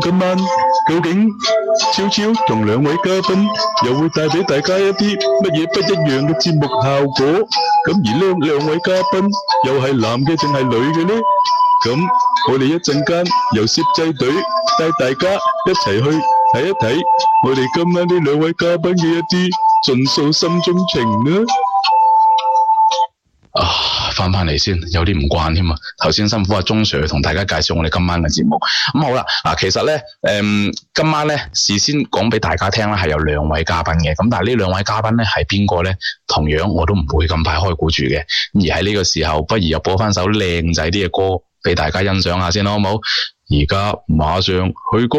今晚究竟超超同兩位嘉賓又會帶俾大家一啲乜嘢不一樣嘅節目效果？咁而呢兩位嘉賓又係男嘅定係女嘅呢？咁我哋一陣間由攝製隊帶大家一齊去睇一睇我哋今晚呢兩位嘉賓嘅一啲盡訴心中情呢。啊！翻翻嚟先，有啲唔慣添啊！頭先辛苦阿鐘 Sir 同大家介紹我哋今晚嘅節目，咁、嗯、好啦嗱，其實咧，誒、呃、今晚咧事先講俾大家聽啦，係有兩位嘉賓嘅，咁但係呢兩位嘉賓咧係邊個咧？同樣我都唔會咁快開估住嘅，而喺呢個時候，不如又播翻首靚仔啲嘅歌俾大家欣賞下先，好唔好？而家馬上去歌。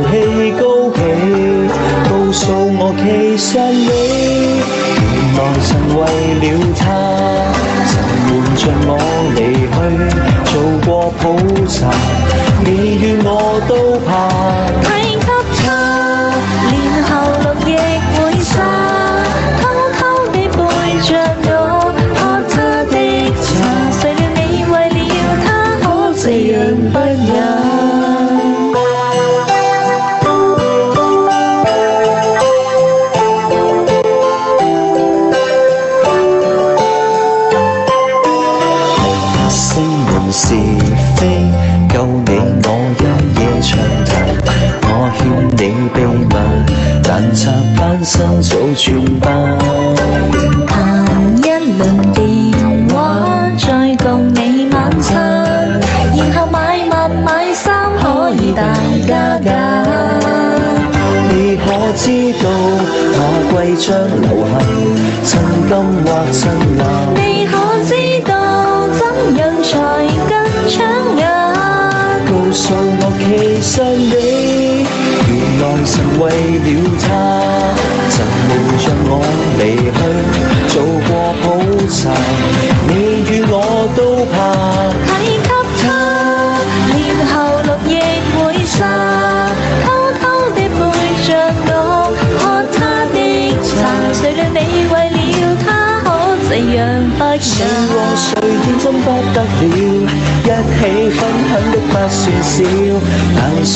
其實你原來曾為了他，曾瞞着我離去，做過普查，你與我都怕。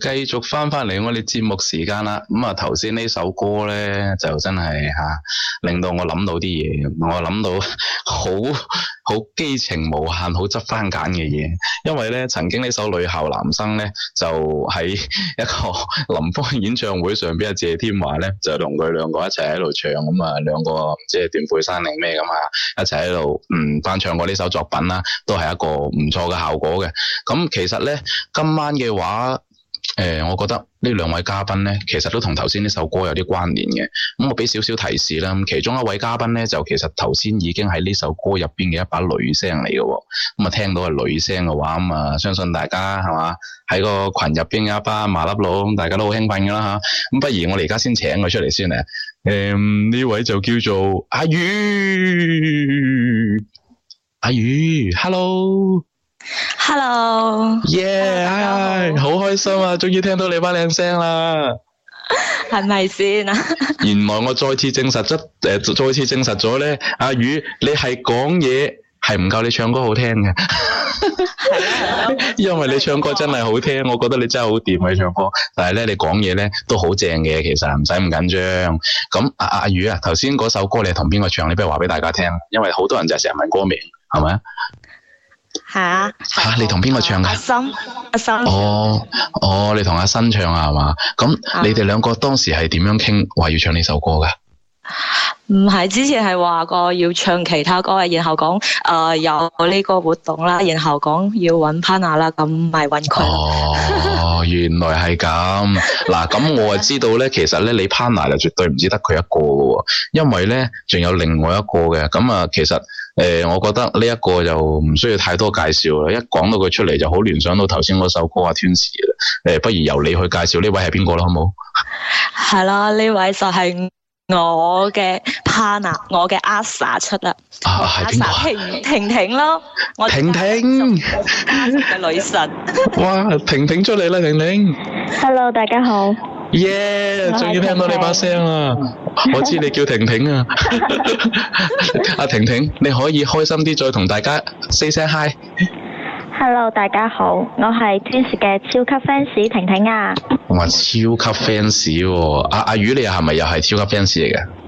繼續翻翻嚟我哋節目時間啦，咁啊頭先呢首歌咧就真係嚇、啊、令到我諗到啲嘢，我諗到好好基情無限，好執番揀嘅嘢。因為咧曾經呢首女校男生咧就喺一個林峯演唱會上邊，啊謝天華咧就同佢兩個一齊喺度唱，咁啊兩個唔知係段佩珊定咩咁啊一齊喺度嗯翻唱過呢首作品啦，都係一個唔錯嘅效果嘅。咁、嗯、其實咧今晚嘅話，誒、欸，我覺得呢兩位嘉賓咧，其實都同頭先呢首歌有啲關聯嘅。咁、嗯、我俾少少提示啦，其中一位嘉賓咧，就其實頭先已經係呢首歌入邊嘅一把女聲嚟嘅。咁、嗯、啊，聽到係女聲嘅話，咁、嗯、啊，相信大家係嘛，喺個群入邊有一班麻甩佬，咁大家都好興奮噶啦吓。咁、嗯，不如我哋而家先請佢出嚟先啊。誒、嗯，呢位就叫做阿宇，阿宇，Hello。Hello，Yeah，唉，好開心啊！終於聽到你把靚聲啦，係咪先啊？原來我再次證實咗，誒、呃，再次證實咗咧，阿、啊、宇，你係講嘢係唔夠你唱歌好聽嘅， 因為你唱歌真係好聽，我覺得你真係好掂你唱歌。但係咧，你講嘢咧都好正嘅，其實唔使唔緊張。咁阿阿宇啊，頭先嗰首歌你係同邊個唱？你不如話俾大家聽，因為好多人就成日問歌名，係咪啊？ 係吓，哈你同邊個唱噶、啊？阿新，阿新。哦，哦，你同阿新唱啊，係嘛？咁你哋兩個當時係點樣傾話要唱呢首歌噶？唔係、啊，之前係話過要唱其他歌啊，然後講誒、呃、有呢個活動啦，然後講要搵 partner 啦，咁咪搵佢。哦，原來係咁。嗱，咁我就知道咧，其實咧你 partner 就絕對唔止得佢一個噶，因為咧仲有另外一個嘅。咁啊，其實。誒、呃，我覺得呢一個就唔需要太多介紹啦，一講到佢出嚟就好聯想到頭先嗰首歌啊《天使》誒、呃，不如由你去介紹呢位係邊個啦，好冇？係啦，呢位就係我嘅 partner，我嘅阿 sa 出啦。阿 sa，婷婷婷咯，婷婷，女神。 哇！婷婷出嚟啦，婷婷。Hello，大家好。耶！仲 Yeah, 我是 要聽到你把聲 你婷婷啊！我知你叫婷婷啊，阿婷婷，你可以開心啲再同大家 say 聲 hi。Hello，大家好，我係 Twins 嘅超級 fans 婷婷啊。同埋超級 fans 喎、啊，阿阿宇，你係咪又係超級 fans 嚟嘅？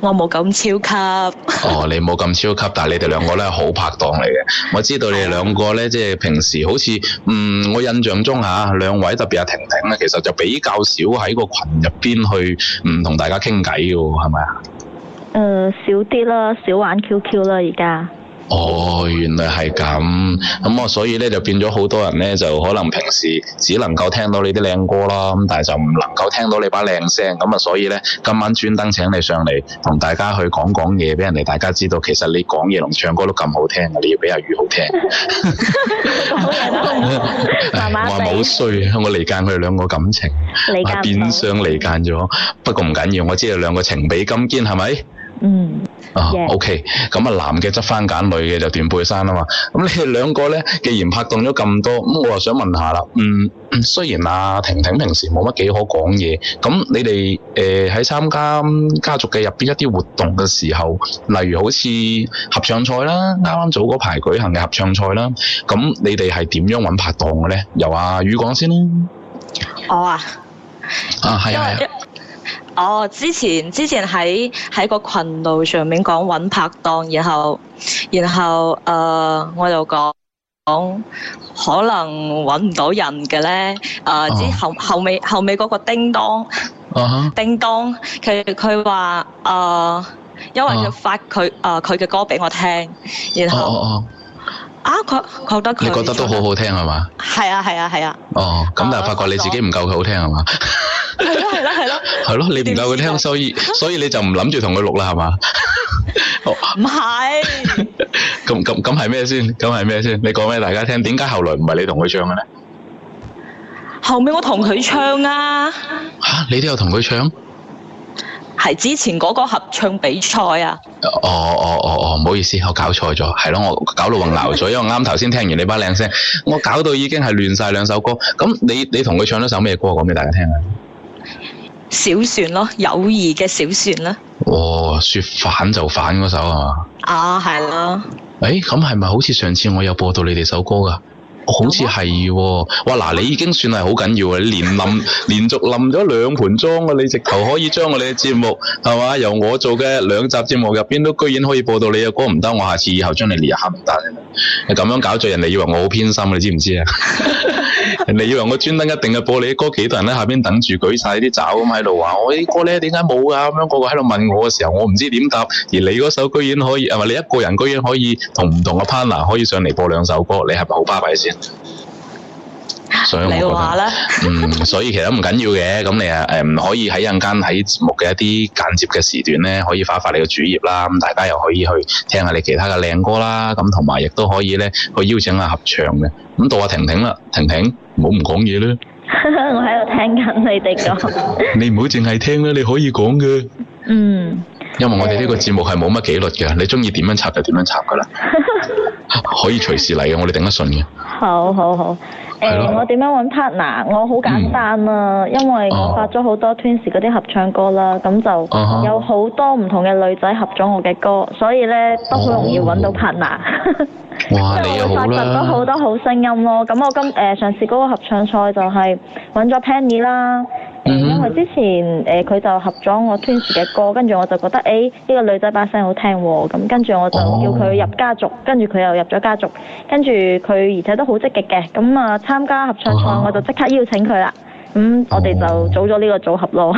我冇咁超級。 哦，你冇咁超級，但係你哋兩個咧好拍檔嚟嘅。我知道你哋兩個咧，即係平時好似，嗯，我印象中嚇、啊，兩位特別阿婷婷咧，其實就比較少喺個群入邊去唔同大家傾偈嘅，係咪啊？嗯、呃，少啲啦，少玩 QQ 啦，而家。哦，原來係咁，咁、嗯、啊，所以咧就變咗好多人咧，就可能平時只能夠聽到你啲靚歌啦，咁但係就唔能夠聽到你把靚聲，咁啊，所以咧今晚專登請你上嚟同大家去講講嘢，俾人哋大家知道，其實你講嘢同唱歌都咁好聽嘅，你要俾阿宇好聽。我話冇衰啊，我離間佢哋兩個感情，變相離間咗。不過唔緊要，我知道兩個情比金堅，係咪？嗯啊、 uh，OK，咁、嗯、啊男嘅執翻揀女嘅就斷背山啊嘛。咁、嗯、你哋兩個咧，既然拍檔咗咁多，咁我又想問下啦。嗯，雖然阿婷婷平時冇乜幾可講嘢，咁、嗯、你哋誒喺參加、嗯、家族嘅入邊一啲活動嘅時候，例如好似合唱賽啦，啱啱早嗰排舉行嘅合唱賽啦，咁、嗯、你哋係點樣揾拍檔嘅咧？由阿宇講先啦。我、哦、啊，啊，係係。因為 的哦，之前之前喺喺個群度上面講揾拍檔，然後然後誒、呃、我就講講可能揾唔到人嘅咧，誒、呃哦、之後後尾後尾嗰個叮當，哦、哈叮當佢佢話誒因為佢發佢誒佢嘅歌俾我聽，然後啊佢覺得佢，你覺得都好好聽係嘛？係啊係啊係啊。哦、啊，咁、啊嗯嗯、但係發覺你自己唔夠佢好聽係嘛？ 係咯，係咯，係咯，係咯！ 你唔夠佢聽，所以所以你就唔諗住同佢錄啦，係嘛？唔 係 咁咁咁係咩先？咁係咩先？你講俾大家聽，點解後來唔係你同佢唱嘅咧？後尾我同佢唱啊！吓、啊，你都有同佢唱？係之前嗰個合唱比賽啊！哦哦哦哦，唔、哦哦哦、好意思，我搞錯咗，係咯，我搞到混淆咗， 因為啱頭先聽完你把靚聲，我搞到已經係亂晒兩首歌。咁你你同佢唱咗首咩歌？講俾大家聽啊！小船咯，友誼嘅小船啦。哦，說反就反嗰首啊嘛。啊，係咯。誒、欸，咁係咪好似上次我有播到你哋首歌㗎？哦、好似係喎，哇嗱！你已經算係好緊要啊！你連冧 連續冧咗兩盤莊啊！你直頭可以將我哋嘅節目係嘛？由我做嘅兩集節目入邊都居然可以播到你嘅歌唔得，我下次以後將你列入黑名單。你咁樣搞著人哋以為我好偏心，你知唔知啊？人哋 以為我專登一定係播你啲歌，幾多人喺下邊等住舉晒啲爪咁喺度話我啲歌呢點解冇㗎？咁樣個個喺度問我嘅時候，我唔知點答。而你嗰首居然可以係嘛？你一個人居然可以同唔同嘅 partner 可以上嚟播兩首歌，你係咪好巴閉先？所以我覺說 嗯，所以其實唔緊要嘅，咁你啊，誒，唔可以喺陣間喺節目嘅一啲間接嘅時段咧，可以發一發你嘅主頁啦，咁大家又可以去聽下你其他嘅靚歌啦，咁同埋亦都可以咧去邀請下合唱嘅，咁到阿婷婷啦，婷婷，唔好唔講嘢啦， 我喺度聽緊你哋講， 你唔好淨係聽啦，你可以講嘅，嗯，因為我哋呢個節目係冇乜紀律嘅，你中意點樣插就點樣插噶啦。 啊、可以隨時嚟嘅，我哋頂得順嘅。好好好，誒、欸，的我點樣揾 partner？我好簡單啊，嗯、因為我發咗好多 Twins 嗰啲合唱歌啦，咁就有好多唔同嘅女仔合咗我嘅歌，所以咧都好容易揾到 partner。哇，你好啦。即係我發掘咗好多好聲音咯，咁我今誒上次嗰個合唱賽就係揾咗 Penny 啦。Mm hmm. 因為之前誒佢、呃、就合咗我 Twins 嘅歌，跟住我就覺得誒呢、欸呢個女仔把聲好聽喎、哦，咁跟住我就叫佢入家族，跟住佢又入咗家族，跟住佢而且都好積極嘅，咁啊參加合唱賽、uh huh. 我就即刻邀請佢啦，咁、嗯 uh huh. 我哋就組咗呢個組合咯。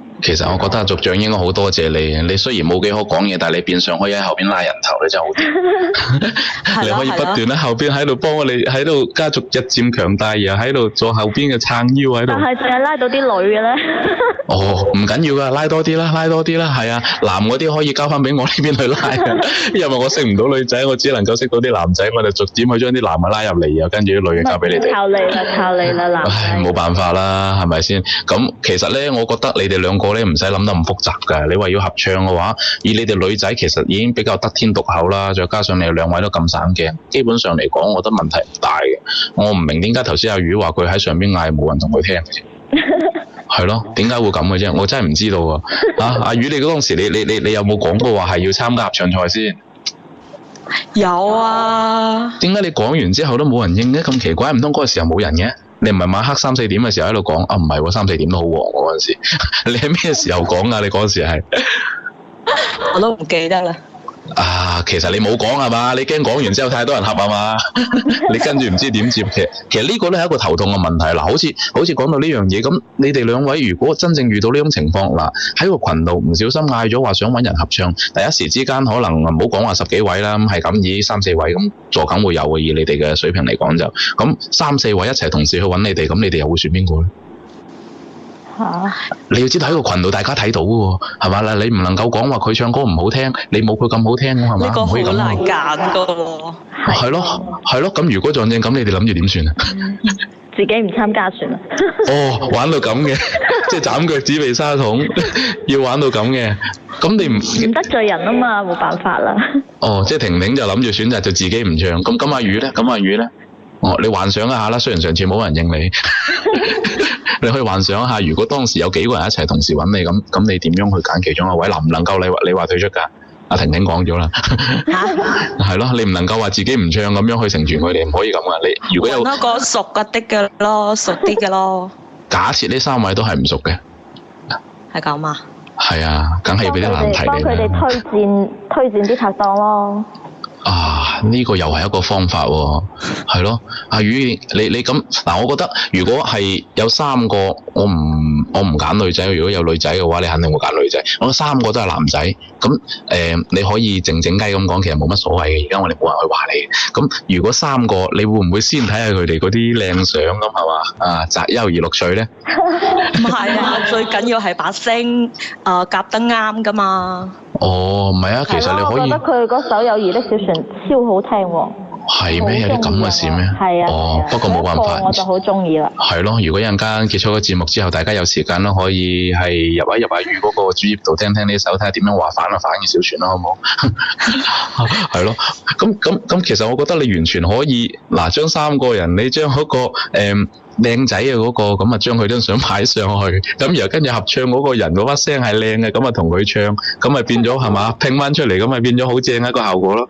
其實我覺得族長應該好多謝你嘅，你雖然冇幾可講嘢，但係你變相可以喺後邊拉人頭，你就好啲。 你可以不斷喺後邊喺度幫我哋喺度家族日漸強大，然後喺度做後邊嘅撐腰喺度。但係淨係拉到啲女嘅咧？ 哦，唔緊要㗎，拉多啲啦，拉多啲啦，係啊，男嗰啲可以交翻俾我呢邊去拉 因為我識唔到女仔，我只能夠識到啲男仔，我哋逐漸去將啲男嘅拉入嚟，然後跟住啲女嘅交俾你哋。靠你啦，靠你啦，男。唉，冇辦法啦，係咪先？咁其實咧，我覺得你哋兩個。你唔使諗得咁複雜噶。你話要合唱嘅話，以你哋女仔其實已經比較得天獨厚啦。再加上你哋兩位都咁省鏡，基本上嚟講，我覺得問題唔大嘅。我唔明點解頭先阿魚話佢喺上邊嗌冇人同佢聽，係咯？ 點解會咁嘅啫？我真係唔知道啊！阿魚，你嗰陣時你你你你，你有冇講過話係要參加合唱賽先？有啊。點解你講完之後都冇人應呢？咁奇怪，唔通嗰個時候冇人嘅？你唔係晚黑三四點嘅時候喺度講啊？唔係喎，三四點都好旺喎嗰陣時。 你喺咩時候講啊？你嗰陣時係， 我都唔記得啦。啊，其實你冇講係嘛，你驚講完之後太多人合係嘛， 你跟住唔知點接？其實其實呢個都係一個頭痛嘅問題嗱，好似好似講到呢樣嘢咁，你哋兩位如果真正遇到呢種情況嗱，喺個群度唔小心嗌咗話想揾人合唱，但一時之間可能唔好講話十幾位啦，係咁以三四位咁，坐梗會有啊？以你哋嘅水平嚟講就，咁三四位一齊同時去揾你哋，咁你哋又會選邊個咧？啊！你要知道喺個群度，大家睇到喎，係嘛啦？你唔能夠講話佢唱歌唔好聽，你冇佢咁好聽，係嘛？呢個好難揀噶。係咯，係咯的。咁、啊、如果撞正咁，你哋諗住點算啊？自己唔參加算啦。 哦，玩到咁嘅， 即係斬腳趾避沙蟲，要玩到咁嘅。咁你唔唔得罪人啊嘛？冇辦法啦。 哦，即係婷婷就諗住選擇就自己唔唱。咁咁阿宇咧？咁阿宇咧？哦，你幻想一下啦，雖然上次冇人應你， 你去幻想一下，如果當時有幾個人一齊同時揾你，咁咁你點樣去揀其中一位？呃、能唔能夠你話你話退出㗎？阿婷婷講咗啦，係咯， 你唔能夠話自己唔唱咁樣去成全佢哋，唔可以咁噶。你如果有多個熟啲嘅咯，熟啲嘅咯。 假設呢三位都係唔熟嘅，係咁 啊，係啊， 梗係要俾啲難題俾佢哋推薦推薦啲拍檔咯。 啊！呢、這個又係一個方法喎，啊，係咯，阿、啊、宇，你你咁嗱、啊，我覺得如果係有三個，我唔我唔揀女仔，如果有女仔嘅話，你肯定會揀女仔。我覺得三個都係男仔，咁、嗯、誒、呃，你可以靜靜雞咁講，其實冇乜所謂嘅。而家我哋冇人去話你。咁、嗯、如果三個，你會唔會先睇下佢哋嗰啲靚相咁係嘛？啊，擇優而錄取呢？唔係 啊， 最緊要係把聲啊夾得啱㗎嘛。哦，唔係啊，其實你可以。佢首、啊、有餘啲少超好聽喎！係咩？有啲咁嘅事咩？哦，係啊，不過冇辦法，我就好中意啦。係咯，如果一陣間結束個節目之後，大家有時間都可以係入一入阿宇嗰個主頁度聽聽呢首，睇下點樣話反啊反嘅小船啦，好唔好？係 咯的，咁咁咁，其實我覺得你完全可以嗱，將三個人你將嗰、那個誒靚、嗯、仔嘅嗰、那個咁啊，將佢張相擺上去，咁然後跟住合唱嗰個人嗰把聲係靚嘅，咁啊同佢唱，咁咪變咗係嘛拼翻出嚟，咁咪變咗好正一個效果咯。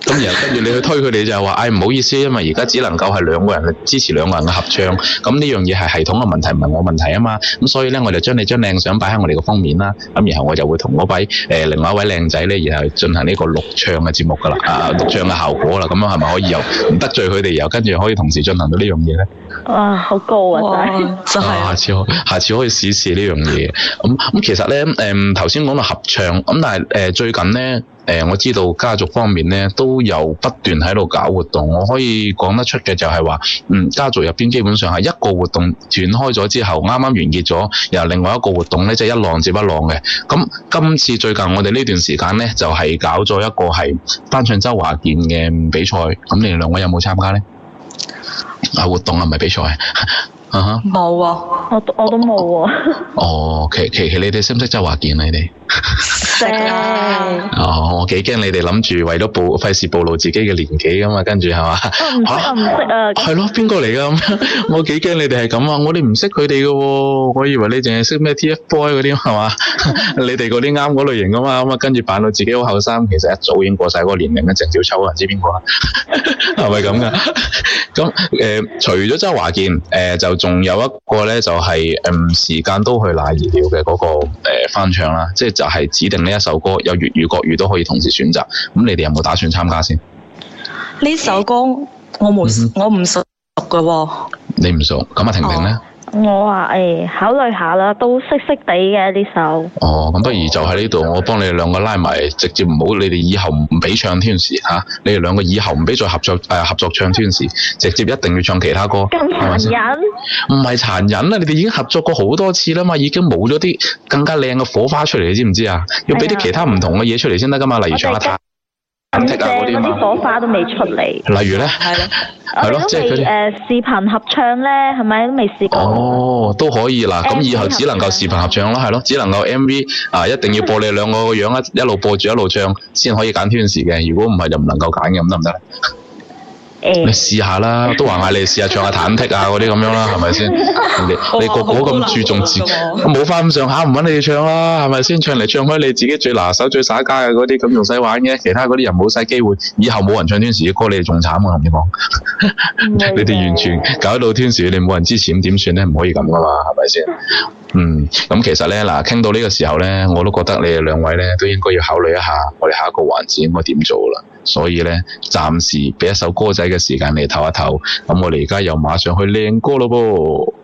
咁然後跟住你去推佢哋就係話，唉、哎、唔好意思，因為而家只能夠係兩個人去支持兩個人嘅合唱，咁呢樣嘢係系統嘅問題，唔係我問題啊嘛。咁、嗯、所以咧，我就將你張靚相擺喺我哋嘅封面啦。咁、嗯、然後我就會同嗰位誒、呃、另外一位靚仔咧，然後進行呢個錄唱嘅節目噶啦，啊，錄唱嘅效果啦，咁樣係咪可以又唔得罪佢哋，又跟住可以同時進行到呢樣嘢咧？啊，好高啊，哇真係！下次可以下次可以試試呢樣嘢。咁、嗯、咁、嗯嗯、其實咧，誒頭先講到合唱，咁但係誒最近咧。嗯誒、呃，我知道家族方面呢，都有不斷喺度搞活動。我可以講得出嘅就係話，嗯，家族入邊基本上係一個活動斷開咗之後，啱啱完結咗，然後另外一個活動呢，就一浪接一浪嘅。咁、嗯、今次最近我哋呢段時間呢，就係、是、搞咗一個係翻唱周華健嘅比賽。咁、嗯、你哋兩位有冇參加呢？啊，活動啊，唔係比賽啊，冇啊，我我都冇啊。哦， 哦，其其，其你哋識唔識周華健？你哋。你哦、嗯，我幾驚你哋諗住為咗暴費事暴露自己嘅年紀噶嘛？跟住係嘛吓？唔識 啊，係咯，邊個嚟噶？ 我幾驚你哋係咁啊！我哋唔識佢哋噶，我以為你淨係識咩 TFBOY 嗰啲係嘛？你哋嗰啲啱嗰類型噶嘛？咁啊，跟住扮到自己好後生，其實一早已經過晒嗰個年齡啦！鄭少秋啊，知邊個啊？係咪咁噶？咁誒，除咗周華健，誒、嗯，就仲有一個咧，就係嗯時間都去拿意料嘅嗰個誒翻唱啦，即係就係指定。呢一首歌有粵語國語都可以同時選擇，咁你哋有冇打算參加先？呢首歌我冇，我唔、嗯、哼熟嘅喎。你唔熟，咁阿婷婷咧？哦。我話誒、哎，考慮下啦，都識識地嘅呢首。哦，咁不如就喺呢度，我幫你哋兩個拉埋，直接唔好你哋以後唔俾唱天使吓，你哋兩個以後唔俾再合作誒、啊、合作唱天使，直接一定要唱其他歌。咁殘忍？唔係殘忍啦，你哋已經合作過好多次啦嘛，已經冇咗啲更加靚嘅火花出嚟，你知唔知啊？要俾啲其他唔同嘅嘢出嚟先得噶嘛，哎、呀例如唱一、啊、睇。的咁正嗰啲火花都未出嚟。例如咧，係咯了，係咯， 即係誒視頻合唱咧，係咪都未試過？哦，都可以嗱，咁、e、以後只能夠視頻合唱咯，係咯唱， 只能夠 M V 啊，一定要播你兩個個樣一一路播住一路唱先可以揀天時嘅，如果唔係就唔能夠揀嘅，咁得唔得。 你試下啦，都話嗌你試下唱下忐忑啊嗰啲咁樣啦，係咪先？你你個個咁注重自己，冇翻咁上下唔揾你唱啦，啊，係咪先？唱嚟唱去，你自己最拿手最耍家嘅嗰啲咁仲使玩嘅，其他嗰啲又冇晒機會，以後冇人唱天時嘅歌，你哋仲慘啊！我同 的你講，你哋完全搞到天時，你冇人支持點算呢？唔可以咁噶嘛，係咪先？嗯，咁其實呢，嗱，傾到呢個時候呢，我都覺得你哋兩位呢，都應該要考慮一下，我哋下一個環節應該點做啦。所以呢，暫時畀一首歌仔嘅時間你唞一唞，咁我哋而家又馬上去靚歌咯噃。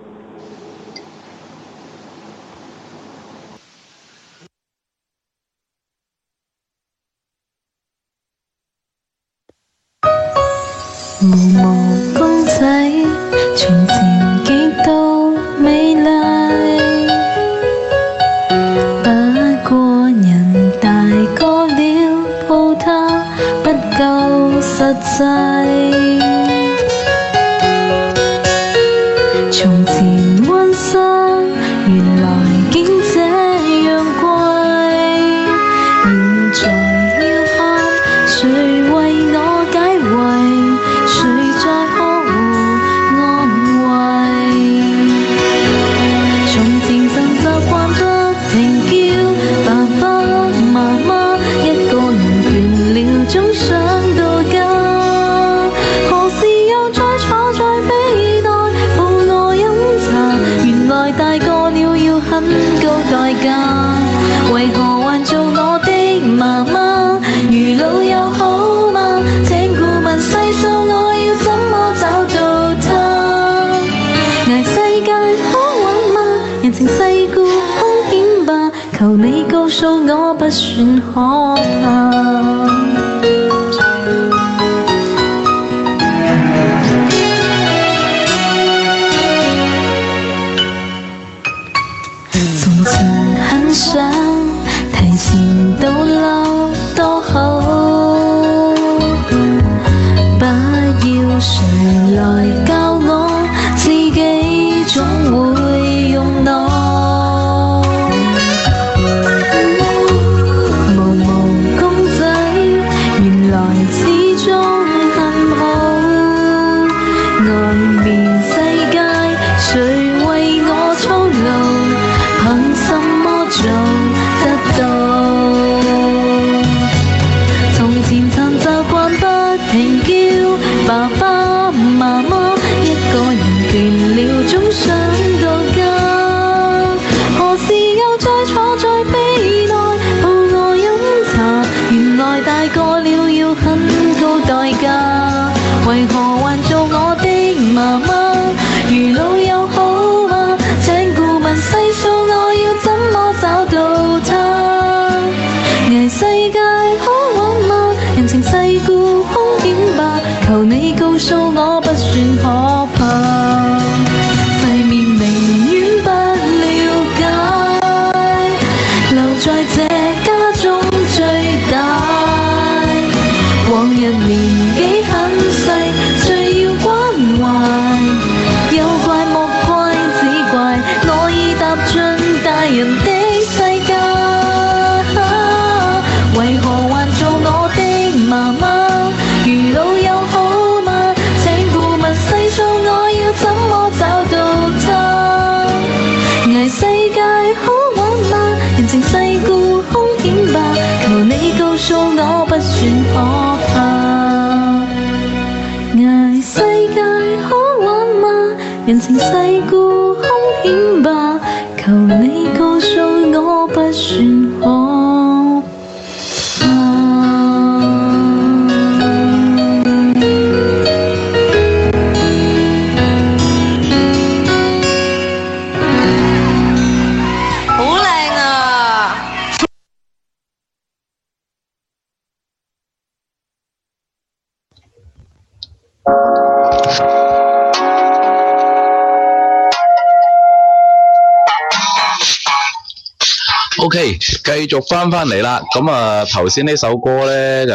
續翻翻嚟啦，咁啊頭先呢首歌呢就，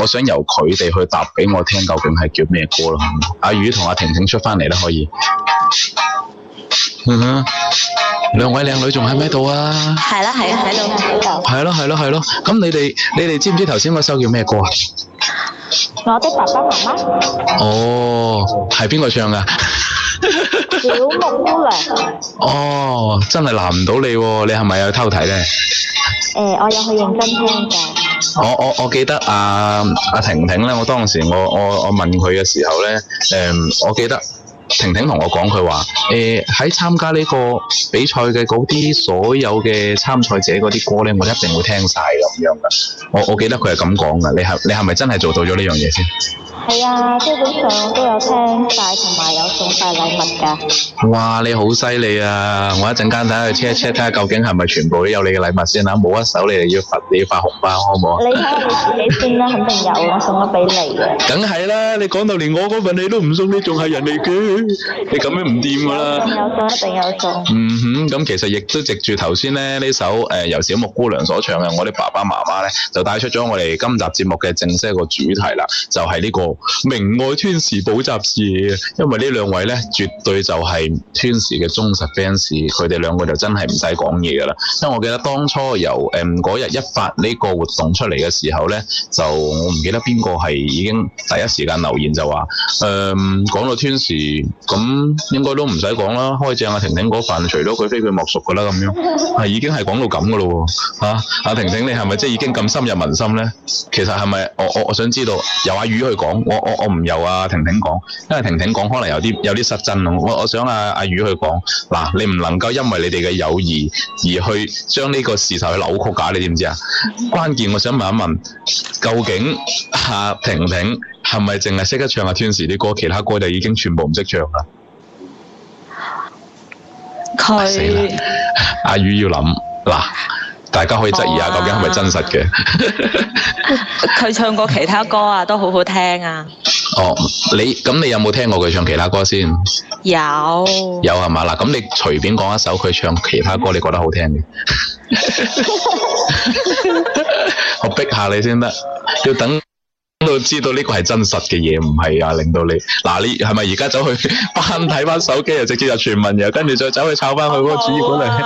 我想由佢哋去答俾我聽，究竟係叫咩歌咯。阿宇同阿婷婷出翻嚟啦，可以。嗯哼，兩位靚女仲喺唔喺度啊？係啦係啦，喺度喺度。係咯係咯係咯，咁你哋你哋知唔知頭先嗰首叫咩歌啊？我的爸爸媽媽。哦，係邊個唱噶？小木姑娘。哦，真係難唔到你喎，哦！你係咪有去偷睇呢，欸？我有去認真聽㗎。我我我記得阿啊，啊婷婷呢，我當時我我我問佢嘅時候呢，誒、嗯，我記得婷婷同我講佢話，誒、欸，喺參加呢個比賽嘅嗰啲所有嘅參賽者嗰啲歌呢，我一定會聽晒。咁樣㗎。我我記得佢係咁講㗎。你係你係咪真係做到咗呢樣嘢先？係啊，基本上都有聽晒，同埋有，有送晒禮物噶。哇，你好犀利啊！我一陣間睇下 check 一 check，睇下究竟係咪全部都有你嘅禮物先啦、啊。冇一手你哋要罰，你要發紅包好唔好？你睇 你自己先啦、啊，肯定有我送咗俾你嘅。梗係啦，你講到連我份你都唔送，你仲係人嚟嘅？你咁樣唔掂噶啦！一定有送，一定有送。嗯哼，咁其實亦都藉住頭先咧呢首誒、呃、由小木姑娘所唱嘅《我的爸爸媽媽》咧，就帶出咗我哋今集節目嘅正式一個主題啦，就係、是、呢、這個。明愛 Twins 補習社，因為呢兩位呢，絕對就係 Twins 嘅忠實 fans，佢哋兩個就真係唔使講嘢噶啦。因為我記得當初由誒嗰、嗯、日一發呢個活動出嚟嘅時候呢，就我唔記得邊個係已經第一時間留言就話誒、嗯、講到 Twins，咁應該都唔使講啦。開正阿、啊、婷婷嗰份，除咗佢非佢莫屬噶啦，咁樣係已經係講到咁噶咯喎嚇。阿婷婷你係咪即係已經咁深入民心呢？其實係咪我我我想知道由阿宇去講？我我我唔由啊，婷婷講，因為婷婷講可能有啲有啲失真。我我想阿阿宇去講。嗱，你唔能夠因為你哋嘅友誼而去將呢個事實去扭曲噶，啊，你知唔知啊？關鍵我想問一問，究竟阿婷婷係咪淨係識得唱阿 Twins 啲歌，其他歌就已經全部唔識唱啦？死啦，阿宇要諗嗱。大家可以質疑下究竟係咪真實嘅、啊？佢 唱過其他歌啊，都好好聽啊。哦，你咁你有冇聽過佢唱其他歌先？有。有係嘛？嗱，咁你隨便講一首佢唱其他歌，你覺得好聽嘅？我逼下你先得，要等。都知道呢個係真實嘅嘢，唔係啊！令到你嗱、啊，你係咪而家走去翻睇翻手機 又直接入傳聞又跟住再走去抄翻佢嗰個主旋律。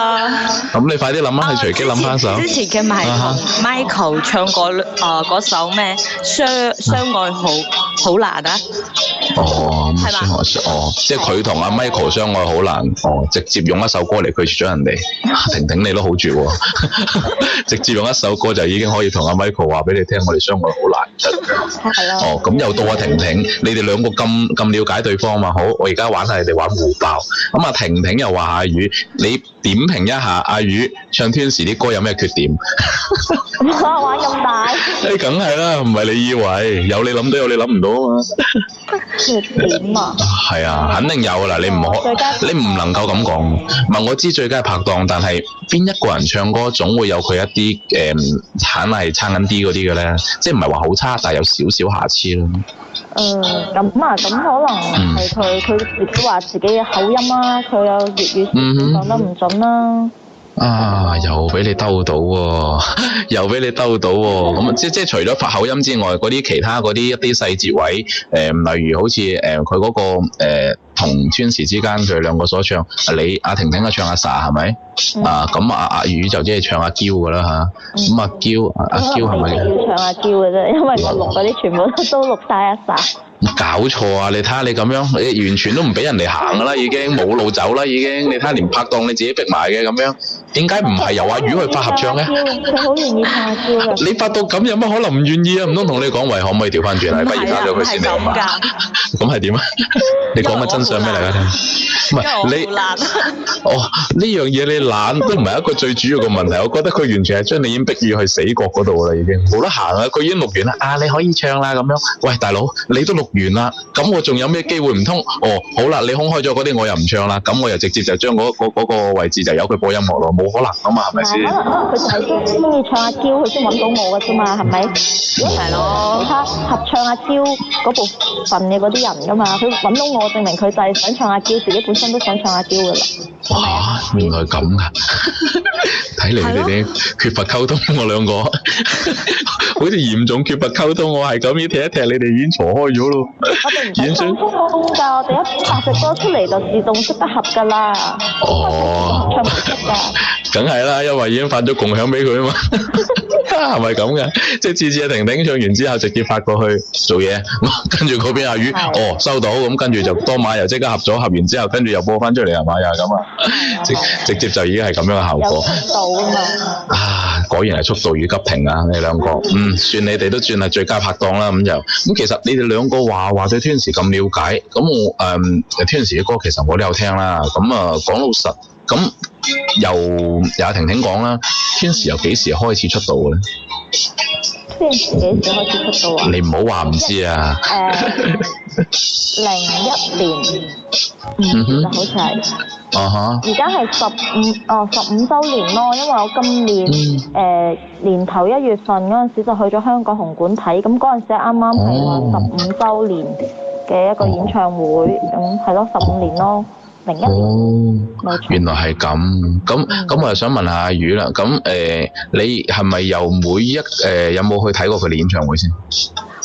咁你快啲諗翻，係隨機諗翻首。之前嘅咪 Michael 唱過啊嗰、呃、首咩相相愛好 好難啊」哦，咁、嗯、吧哦，即係佢同阿 Michael 相愛好難。 哦，直接用一首歌嚟拒絕咗人哋。婷婷、 啊，停停你都好絕喎、啊， 直接用一首歌就已經可以同阿 Michael 話俾你聽，我哋相愛好難。 哦，咁又到阿婷婷，你哋兩個咁咁瞭解對方嘛？好，我而家玩下你哋玩互爆，咁啊，婷婷又話阿魚，你。點評一下阿宇唱 Twins 啲歌有咩缺點？你玩咁大？梗係啦，唔係你以為有你諗都有你諗唔到啊。 缺點啊！係 啊，肯定有啦。你唔可佳你唔能夠咁講。唔係我知最佳拍檔，但係邊一個人唱歌總會有佢一啲誒，潛力差緊啲嗰啲嘅咧，即係唔係話好差，但係有少少瑕疵啦。嗯，咁、嗯、啊，咁可能係佢，佢自己話自己嘅口音啦，佢有粵語詞彙講得唔準啦。啊，又俾你兜到喎、哦，又俾你兜到喎、哦。咁、嗯、哼即即係除咗發口音之外，嗰啲其他嗰啲一啲細節位，誒、呃、例如好似誒佢嗰個、呃同 Twins 之間，佢哋兩個所唱，啊你阿婷婷啊，是是、嗯、啊唱阿 Sa 係咪？啊咁啊阿宇就即係唱阿嬌噶啦吓？咁阿嬌阿嬌係咪？要唱阿嬌嘅啫，因為我錄嗰啲全部都錄、嗯嗯、全部都錄晒阿 Sa。啊搞錯啊！你睇下你咁樣，你完全都唔俾人哋行噶啦，已經冇路走啦，已經。你睇下連拍檔你自己逼埋嘅咁樣，點解唔係由阿魚去發合唱咧？佢好容易拍燒你發到咁，有乜可能唔願意啊？唔通同你講，喂，可唔可以調翻轉嚟、啊沒 啊？不如打咗佢先啦嘛。咁係點啊？你講個真相俾大家聽？唔係你懶，哦，呢樣嘢你懶都唔係一個最主要嘅問題。我覺得佢完全係將你已經逼住去死角嗰度啦，已經冇得行啦。佢已經錄完啦，啊你可以唱啦咁樣。喂大佬，你都錄。完啦，咁我仲有咩機會唔通？哦，好啦，你空開咗嗰啲，我又唔唱啦，咁我又直接就將嗰、嗰個嗰個位置就由佢播音樂咯，冇可能噶、啊啊啊、嘛，係咪先？佢就係中意唱阿、啊、嬌，佢先揾到我噶啫嘛，係咪？如果其他合唱阿嬌嗰部分嘅嗰啲人噶嘛。佢揾到我，證明佢就係想唱阿、啊、嬌，自己本身都想唱阿、啊、嬌噶啦。哇、啊，原來咁噶。 睇嚟你哋缺乏溝通，我兩個 好似嚴重缺乏溝通我，我係咁要踢一踢，你哋已經嘈開咗咯。一定。 溝通噶，我哋一發隻歌出嚟就自動識得合噶啦。哦。梗係啦，因為已經發咗共享俾佢啊嘛，係咪咁嘅？即係次次阿婷婷唱完之後，直接發過去做嘢，跟住嗰邊阿魚，的哦，收到，咁跟住就多馬又即刻合咗，合完之後，跟住又播翻出嚟，係咪又係咁啊？直直接就已經係咁樣嘅效果。 啊！果然係速度與急停啊！你兩個，嗯，算你哋都算係最佳拍檔啦。咁就，咁其實你哋兩個話話對天 s 咁了解，咁我誒，天 s 嘅歌其實我都有聽啦。咁啊，講老實。咁又由婷婷講啦，Twins 由幾時開始出道嘅咧？Twins 幾時開始出道啊、嗯？你唔好話唔知啊！誒，零一年， 嗯哼，好似係，啊哈！而家係十五，哦，十五週年咯，因為我今年誒、mm. 呃、年頭一月份嗰陣時就去咗香港紅館睇，咁嗰陣時啱啱係話十五週年嘅一個演唱會，咁係咯，十五年咯。哦，原來係咁，咁咁我就想問下阿宇啦，咁誒你係咪又每一誒有冇去睇過佢哋演唱會先？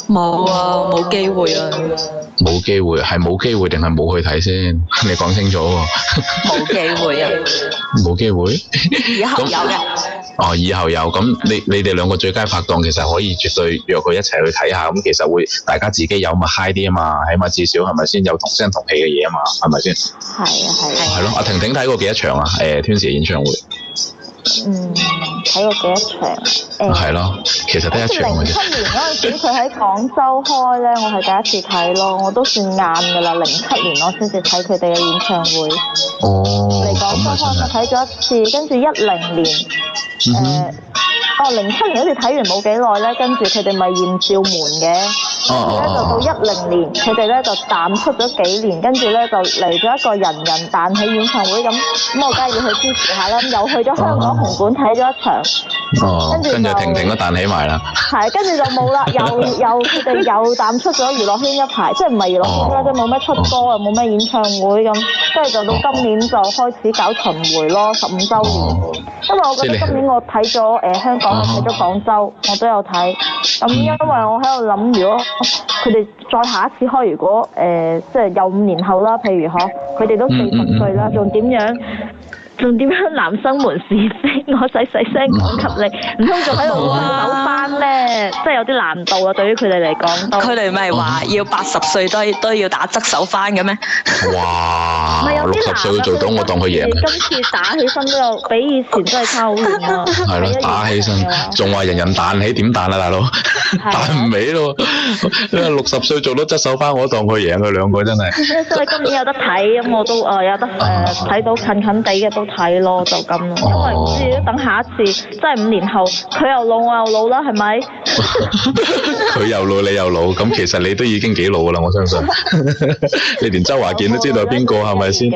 冇啊，冇機會啊，冇機會，係冇機會定係冇去睇先？你講清楚啊，冇機會啊，冇機會，以後有嘅。哦，以後有咁，你你哋兩個最佳拍檔，其實可以絕對約佢一齊去睇下，咁其實會大家自己有咪 high 啲啊嘛，起碼至少係咪先有同聲同氣嘅嘢啊嘛，係咪先？係啊係啊。係咯的，阿婷婷睇過幾多場 啊？誒，Twins 演唱會。嗯，睇過幾多場？誒、啊，係咯、嗯，其實第一場我零七年嗰陣時，佢喺 廣州開呢，我係第一次睇咯，我都算啱㗎啦。零七年我先至睇佢哋嘅演唱會，嚟廣州開我睇咗一次，跟住一零年誒。嗯哼呃哦，零七年好似睇完冇幾耐咧，跟住佢哋咪艷照門嘅，跟住咧就到一零年，佢哋咧就淡出咗幾年，跟住咧就嚟咗一個人人彈起演唱會，咁，咁我梗係要去支持下啦，咁又去咗香港紅館睇咗一場哦，跟住就停停咁彈起埋啦，係跟住就冇啦，又又佢哋又淡出咗娛樂圈一排，即係唔係娛樂圈啦，即係冇乜出歌啊，冇乜演唱會咁，跟住就到今年就開始搞巡迴咯，十五周年，因為我覺得今年我睇咗誒香。講去咗廣州，我都有睇。咁因為我喺度諗，如果佢哋再下一次開，如果誒、呃、即係有五年後啦，譬如嗬，佢哋都四十歲啦，仲點 樣？仲點樣男生們是非？我細細聲講給你，唔通仲喺度側手翻咧？真係有啲難度啊！對於佢哋嚟講，佢哋咪話要八十歲都都要打側手翻嘅咩？哇！唔係有啲難嘅。佢哋今次打起身都又比以前真係差好遠。係咯，打起身，仲話人人彈起點彈啊，大佬彈唔起咯。你話六十歲做到側手翻，我當佢贏啊！佢兩個真係。因為今年有得睇，咁我都誒有得誒睇到近近地嘅都。係咯，就咁咯，因為唔知等下一次，即係五年後，佢又老我又老啦，係咪？佢又老你又老，咁其實你都已經幾老噶啦，我相信。你連周華健都知道邊個係咪先？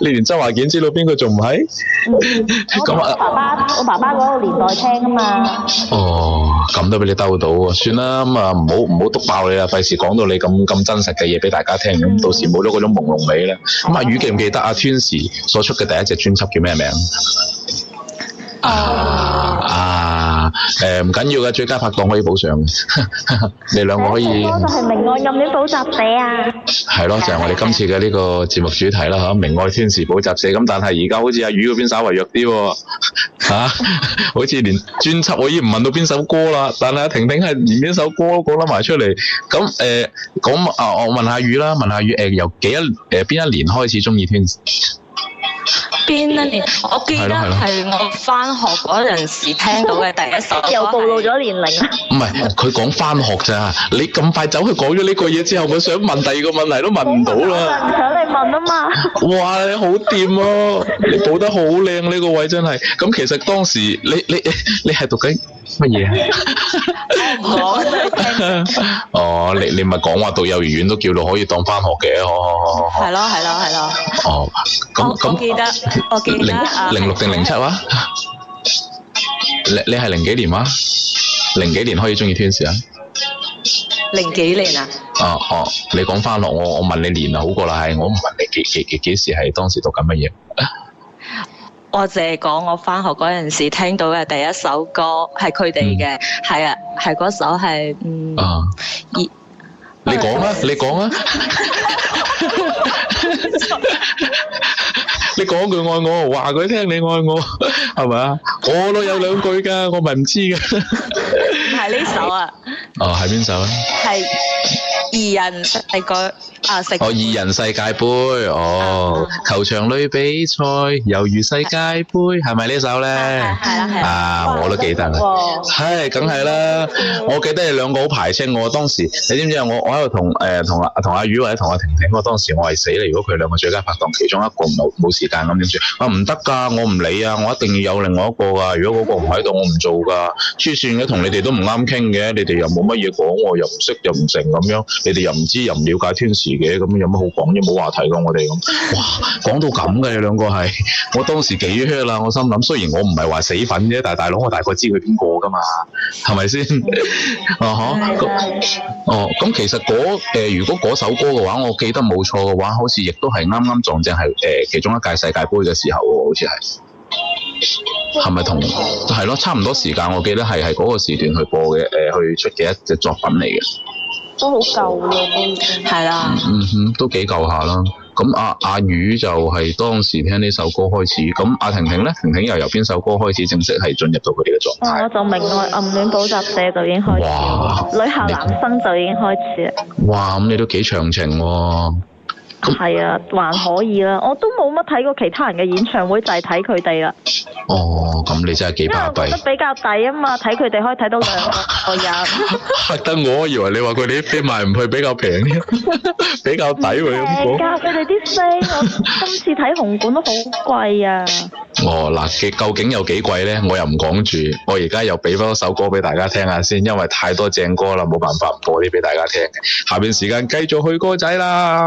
你連周華健知道邊個仲唔係？我我爸爸我爸爸嗰個年代聽啊嘛。哦，咁都俾你兜到喎，算啦，咁啊唔好唔好篤爆你啊，費事講到你咁咁真實嘅嘢俾大家聽，咁到時冇咗嗰種朦朧美咧。咁阿宇記唔記得阿 Twins 所出嘅？第一隻專輯叫咩名啊？誒、啊，唔緊要嘅，最佳拍檔可以補上，你兩個可以。我係明愛暗戀補習社啊。係咯，就係、是、我哋今次嘅呢個節目主題啦。吓、啊，明愛天使補習社。咁但係而家好似阿宇嗰邊稍為弱啲喎，吓、啊， 好似連專輯我已經唔問到邊首歌啦。但係阿婷婷係連邊首歌都講得埋出嚟。咁誒，咁、欸、啊，我問下宇啦，問下宇誒、呃，由幾一誒邊、呃、一年開始中意天使？邊一年？我記得係我翻學嗰陣時聽到嘅第一首歌。又暴露咗年齡啦！唔係，佢講翻學咋？你咁快走去講咗呢個嘢之後，我想問第二個問題都問唔到啦。我唔想你問啊嘛！哇，你好掂啊！你補得好靚呢個位真係。咁其實當時你你你係讀緊乜嘢啊？我唔講。哦，你你咪講話讀幼兒園都叫做可以當翻學嘅，好好好好。係咯，係咯，係咯。哦，咁。哦、我記得，我記得，零,零六定零七啊？你你係零幾年哇？零幾年可以中意天使啊？零幾年啊？啊哦、啊，你講翻落我，我問你年啊，好過啦，係，我唔問你幾幾幾幾時，係當時讀緊乜嘢？我淨係講我翻學嗰陣時聽到嘅第一首歌，係佢哋嘅，係、嗯嗯、啊，係嗰首係嗯，你講啊，是誰是誰你講啊。 你講句愛我，話佢聽你愛我，係咪啊？我都有兩句噶，我咪唔知㗎。係 呢首啊？哦，係邊首？啊？係。二人世界啊！哦，二人世界杯哦，球場內比賽猶如世界杯，係咪呢首呢？係啦，係 啦樂、啊，我都記得。係，梗係啦。我記得你兩個好排斥我當時。你知唔知啊？我我喺度同誒同阿同阿宇或者同阿婷婷。我當時我係死啦！如果佢兩個最佳拍檔其中一個冇冇時間咁點算？啊，唔得噶，我唔理啊，我一定要有另外一個噶。如果嗰個唔喺度，我唔做噶。黐線嘅，同你哋都唔啱傾嘅，你哋又冇乜嘢講，我又唔識又唔成咁樣。你哋又唔知又唔了解 Twins 嘅，咁有乜好講啫？冇話題咯，我哋咁。哇，講到咁嘅你兩個係，我當時幾 hurt 啦！我心諗，雖然我唔係話死粉啫，但係大佬我大概知佢邊個噶嘛，係咪先？哦呵，咁其實嗰、呃、如果首歌嘅話，我記得冇錯嘅話，好似亦都係啱啱撞正係誒、呃、其中一屆世界盃嘅時候喎，好似係。係咪同係咯、哦？差唔多時間，我記得係係嗰個時段去播嘅誒、呃，去出嘅一隻作品嚟嘅。都好舊喎，係啦、嗯，嗯哼、嗯，都幾舊下啦。咁阿阿宇就係當時聽呢首歌開始。咁阿婷婷呢？婷婷又由邊首歌開始正式係進入到佢哋嘅狀態？我就明《明愛暗戀補習社》就已經開始，哇《女校男生》就已經開始。哇！咁你都幾長情喎。係、嗯、啊，還可以啦，我都冇乜睇過其他人嘅演唱會，就係睇佢哋啦。哦，咁你真係幾巴閉。比較抵啊嘛，睇佢哋可以睇到兩個人。得我以為你話佢哋啲飛賣唔去，比較平，添， 比較抵喎。平價佢哋啲聲，我今次睇紅館都好貴啊。哦，嗱，究竟有幾貴咧？我又唔講住。我而家又俾翻首歌俾大家聽下先，因為太多正歌啦，冇辦法播啲俾大家聽。下邊時間繼續去歌仔啦。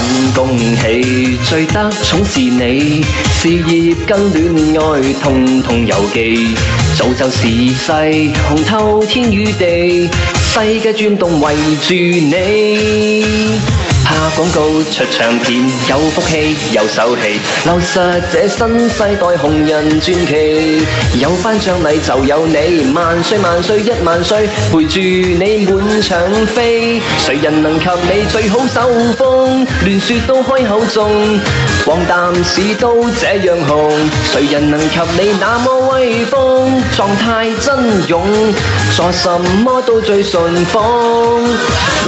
新恭喜，最得寵，是你，事業跟戀愛通通有記。早就時勢紅透天與地，世界轉動圍住你。拍廣告出唱片，有福氣有手氣，落實這新世代紅人傳奇。有頒獎禮就有你，萬歲萬歲一萬歲，陪住你滿場飛。誰人能及你最好手風，亂説都開口中。黃旦屎都這樣紅，誰人能及你那麼威風？狀態真勇，做什麼都最順風。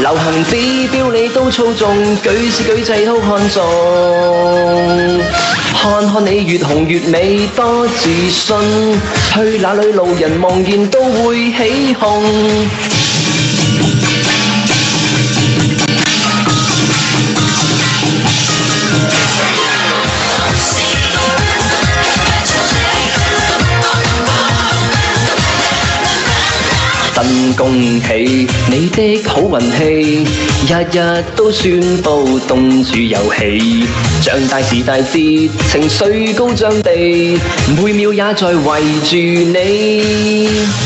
流行指標你都操縱，舉世舉世都看重。看看你越紅越美，多自信，去哪裏路人望見都會起鬨。恭喜你的好運氣，日日都宣布東主有喜，像大時大節，情緒高漲地，每秒也在圍住你。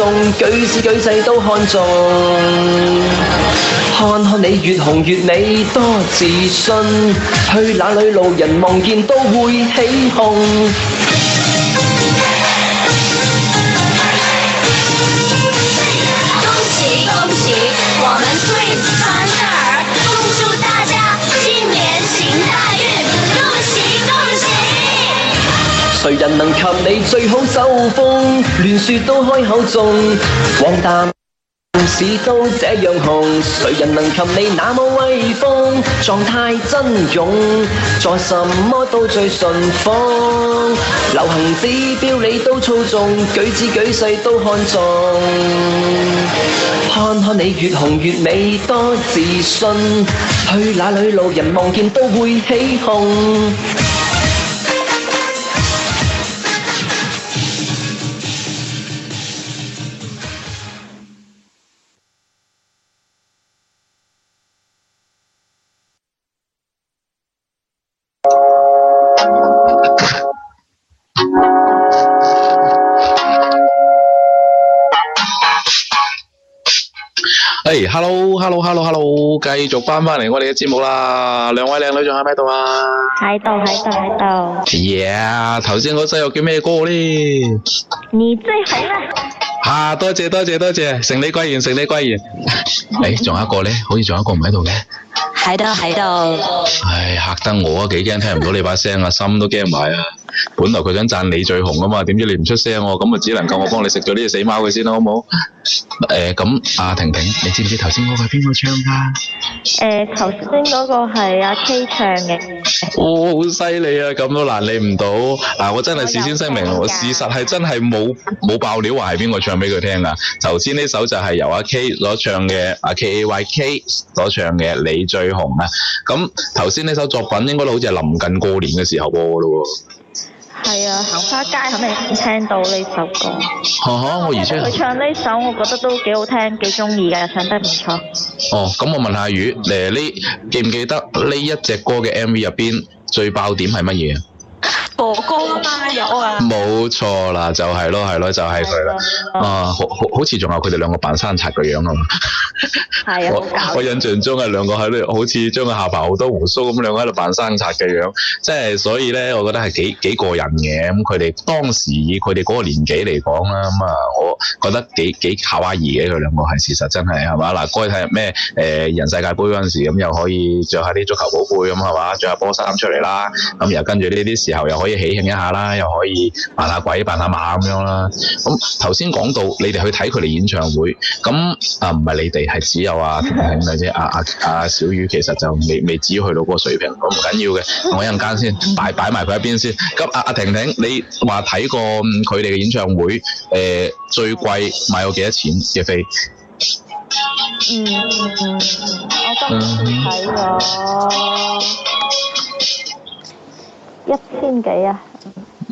舉止舉世都看中，看看你越紅越美，多自信。去哪裏，路人望見都會起哄。能及你最好收風，亂説都開口中，黃疸市都這樣紅，誰人能及你那麼威風？狀態真勇，做什麼都最順風，流行指標你都操縱，舉止舉世都看中。看看你越紅越美，多自信，去哪裏，路人望見都會起鬨。繼續翻翻嚟我哋嘅節目啦，兩位靚女仲喺唔喺度啊？喺度喺度喺度。呀，頭先個西藥叫咩歌咧？你最好啦！啊，多謝多謝多謝，承你貴言承你貴言。誒，仲有一個咧，好似仲有一個唔喺度嘅。喺度喺度。唉，嚇得我幾驚，聽唔到你把聲啊，心都驚埋啊！本來佢想讚你最紅啊嘛，點知你唔出聲喎、啊，咁啊只能夠我幫你食咗呢隻死貓佢先啦，好冇？誒、呃，咁、嗯、阿、啊、婷婷，你知唔知頭先嗰個邊、呃、個唱噶？誒，頭先嗰個係阿 K 唱嘅、哦。好犀利啊！咁都難你唔到。嗱，我真係事先聲明，事實係真係冇冇爆料話係邊個唱俾佢聽噶。頭先呢首就係由阿 K 所唱嘅，阿 K A Y K 所唱嘅《你最紅》啊。咁頭先呢首作品應該都好似係臨近過年嘅時候播喎，咯。係啊，行花街肯定聽到呢首歌。哈哈，我而且佢唱呢首，我覺得都幾好聽，幾中意嘅，唱得唔錯。哦，咁、嗯、我問下魚，你呢記唔記得呢一隻歌嘅 MV 入邊最爆點係乜嘢？哥哥啊嘛啊，冇 錯啦，就係、是、咯，係咯，就係佢啦，咯啊，好好似仲有佢哋兩個扮山賊嘅樣啊嘛，啊 了，我印象中係兩個喺度，好似將個下巴好多鬍鬚咁，兩個喺度扮山賊嘅樣，即、就、係、是、所以咧，我覺得係幾幾過癮嘅，咁佢哋當時以佢哋嗰個年紀嚟講啦，咁啊，我覺得幾幾卡哇伊嘅佢兩個係事實真係係嘛嗱，過去睇咩誒人世界杯嗰陣時咁、嗯、又可以着下啲足球寶貝咁係嘛，着下波衫出嚟啦，咁、嗯嗯、又跟住呢啲時候又可以。喜慶一下啦，又可以扮下鬼扮下馬咁樣啦。咁頭先講到你哋去睇佢哋演唱會，咁、嗯、啊唔係你哋係只有阿婷婷嚟啫。阿阿阿小雨其實就未未至於去到嗰個水平，咁唔緊要嘅。我一陣間先擺擺埋佢一邊先。咁阿阿婷婷，你話睇過佢哋嘅演唱會？誒、呃、最貴買咗幾多錢嘅飛？嗯，我當時睇啊。一千幾啊！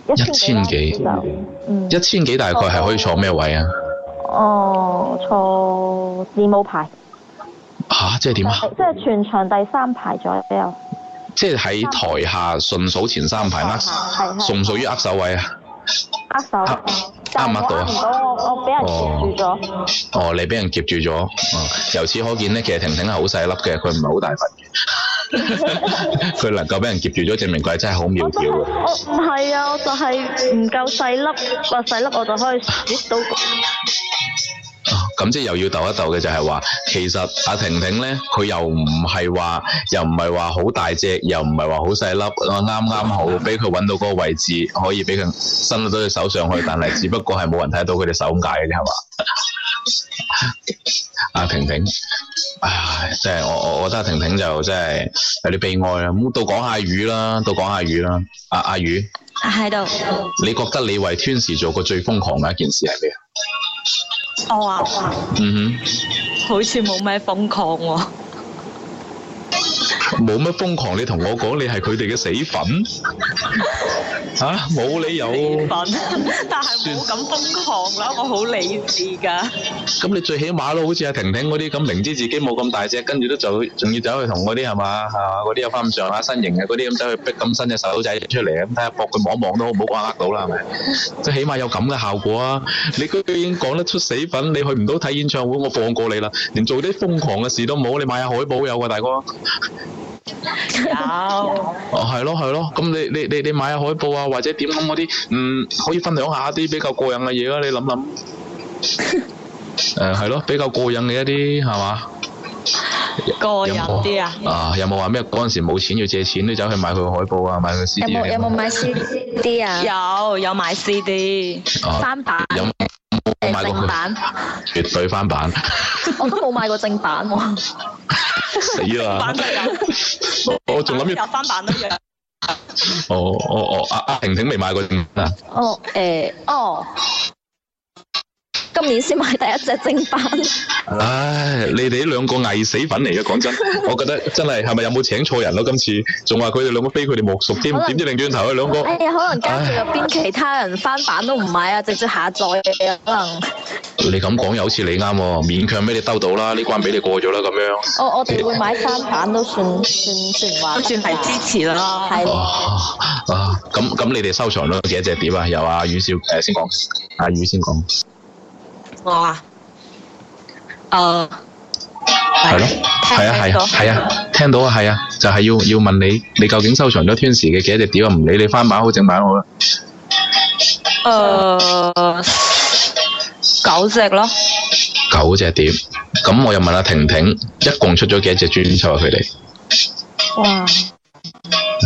一千幾一千幾、嗯、大概係可以坐咩位啊？哦，坐字母牌。吓，即係點啊？即係、啊、全場第三排左右。即係喺台下順數前三排啦。係係排。屬唔握屬於握手位啊？握手。啱、啊、握到啊！我我俾人夾住咗、哦。哦。你俾人夾住咗。嗯、哦。由此可見咧，其實婷婷係好細粒嘅，佢唔係好大份。佢 能夠俾人夾住咗，證明佢係真係好渺小嘅。我唔係啊，我就係唔夠細粒，或細粒我就可以到、嗰個。咁、 啊、即係又要鬥一鬥嘅就係話，其實阿婷婷咧，佢又唔係話，又唔係話好大隻，又唔係話好細粒啊，啱啱好俾佢揾到嗰個位置，可以俾佢伸到隻手上去， 但係只不過係冇人睇到佢隻手解嘅啫，係嘛？阿婷婷，唉，即係我我我覺得阿婷婷就真係有啲悲哀啦。咁到講下雨啦，到講下雨啦。阿阿雨，喺、啊、度。啊、你覺得你為 Twins 做過最瘋狂嘅一件事係咩？我話、哦啊，嗯哼，好似冇咩瘋狂喎、哦。冇乜瘋狂，你同我講你係佢哋嘅死粉。 嚇，冇、啊、理由。 但係冇咁瘋狂啦， 我好理智㗎。咁 你最起碼都好似阿婷婷嗰啲咁，明知自己冇咁大隻，跟住都就仲要走去同嗰啲係嘛係嘛嗰啲有翻咁上下身形嘅嗰啲咁走去逼咁新嘅細佬仔出嚟咁，睇下搏佢望一望都好唔好把握到啦，係咪？即係 起碼有咁嘅效果啊！你居然講得出死粉，你去唔到睇演唱會，我放過你啦。連做啲瘋狂嘅事都冇，你買下海報有啊，大哥。有，哦，係咯係咯，咁你你你你買下海報啊，或者點咁嗰啲，嗯，可以分享下啲比較過癮嘅嘢啦，你諗諗。誒，係咯，比較過癮嘅一啲，係嘛？過癮啲啊？啊，有冇話咩嗰陣時冇錢要借錢你，走去買佢海報啊，買佢 CD 啊？有冇有冇買 CD 啊？有，有買 CD，三版。買過正版，絕對翻版。 我都冇買過正版喎、啊， 死啦了！ 我仲諗住翻版都一樣。 哦哦哦，阿阿婷婷未買過啊？哦，誒，哦。啊晴晴 今年先買第一隻正版。唉、哎，你哋呢兩個偽死粉嚟嘅，講真，我覺得真係係咪有冇請錯人咯？今次仲話佢哋兩個非，佢哋莫屬添，點知轉頭去兩個。哎呀，可能跟住入邊其他人翻版都唔買啊，直接下載可能。你咁講又好似你啱喎、哦，勉強俾你兜到啦，呢關俾你過咗啦咁樣。哦，我哋會買翻版都算算算話，算係支持咯。係。啊，咁咁你哋收藏咗幾多隻碟啊？由阿雨少誒、呃、先講，阿、啊、雨先講。我啊，誒，係、呃、咯，係啊的，係啊，啊，聽到啊，係啊，就係、係、要要問你，你究竟收藏咗 Twins 嘅幾多隻碟啊？唔理你，你翻版好正版好啦。誒、呃，九隻咯。九隻碟，咁我又問阿婷婷，一共出咗幾多隻專輯啊？佢哋？哇，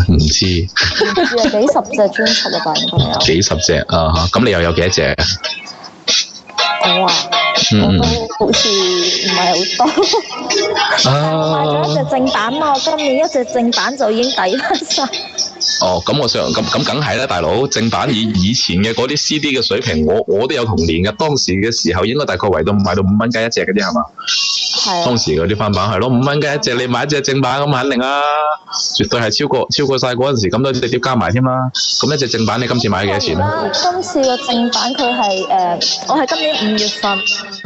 唔、嗯、 知道。 幾十隻專輯啊？吧、哦，應該幾十隻啊，咁你又有幾多隻？哇嗯、 我啊，都好似唔係好多，但係我買咗一隻正版嘛，啊、我今年一隻正版就已經抵翻晒。哦，咁我想咁咁梗係啦，大佬正版以以前嘅嗰啲 CD 嘅水平，我我都有童年嘅，當時嘅時候應該大概圍到賣到五蚊雞一隻嘅啲係嘛？係、啊。當時嗰啲翻版係咯，五蚊雞一隻，你買一隻正版咁肯定啊，絕對係超過超過晒嗰陣時咁都直接加埋添啦。咁一隻正版你今次買咗幾多錢？今次個正版佢係誒，我係今年五月份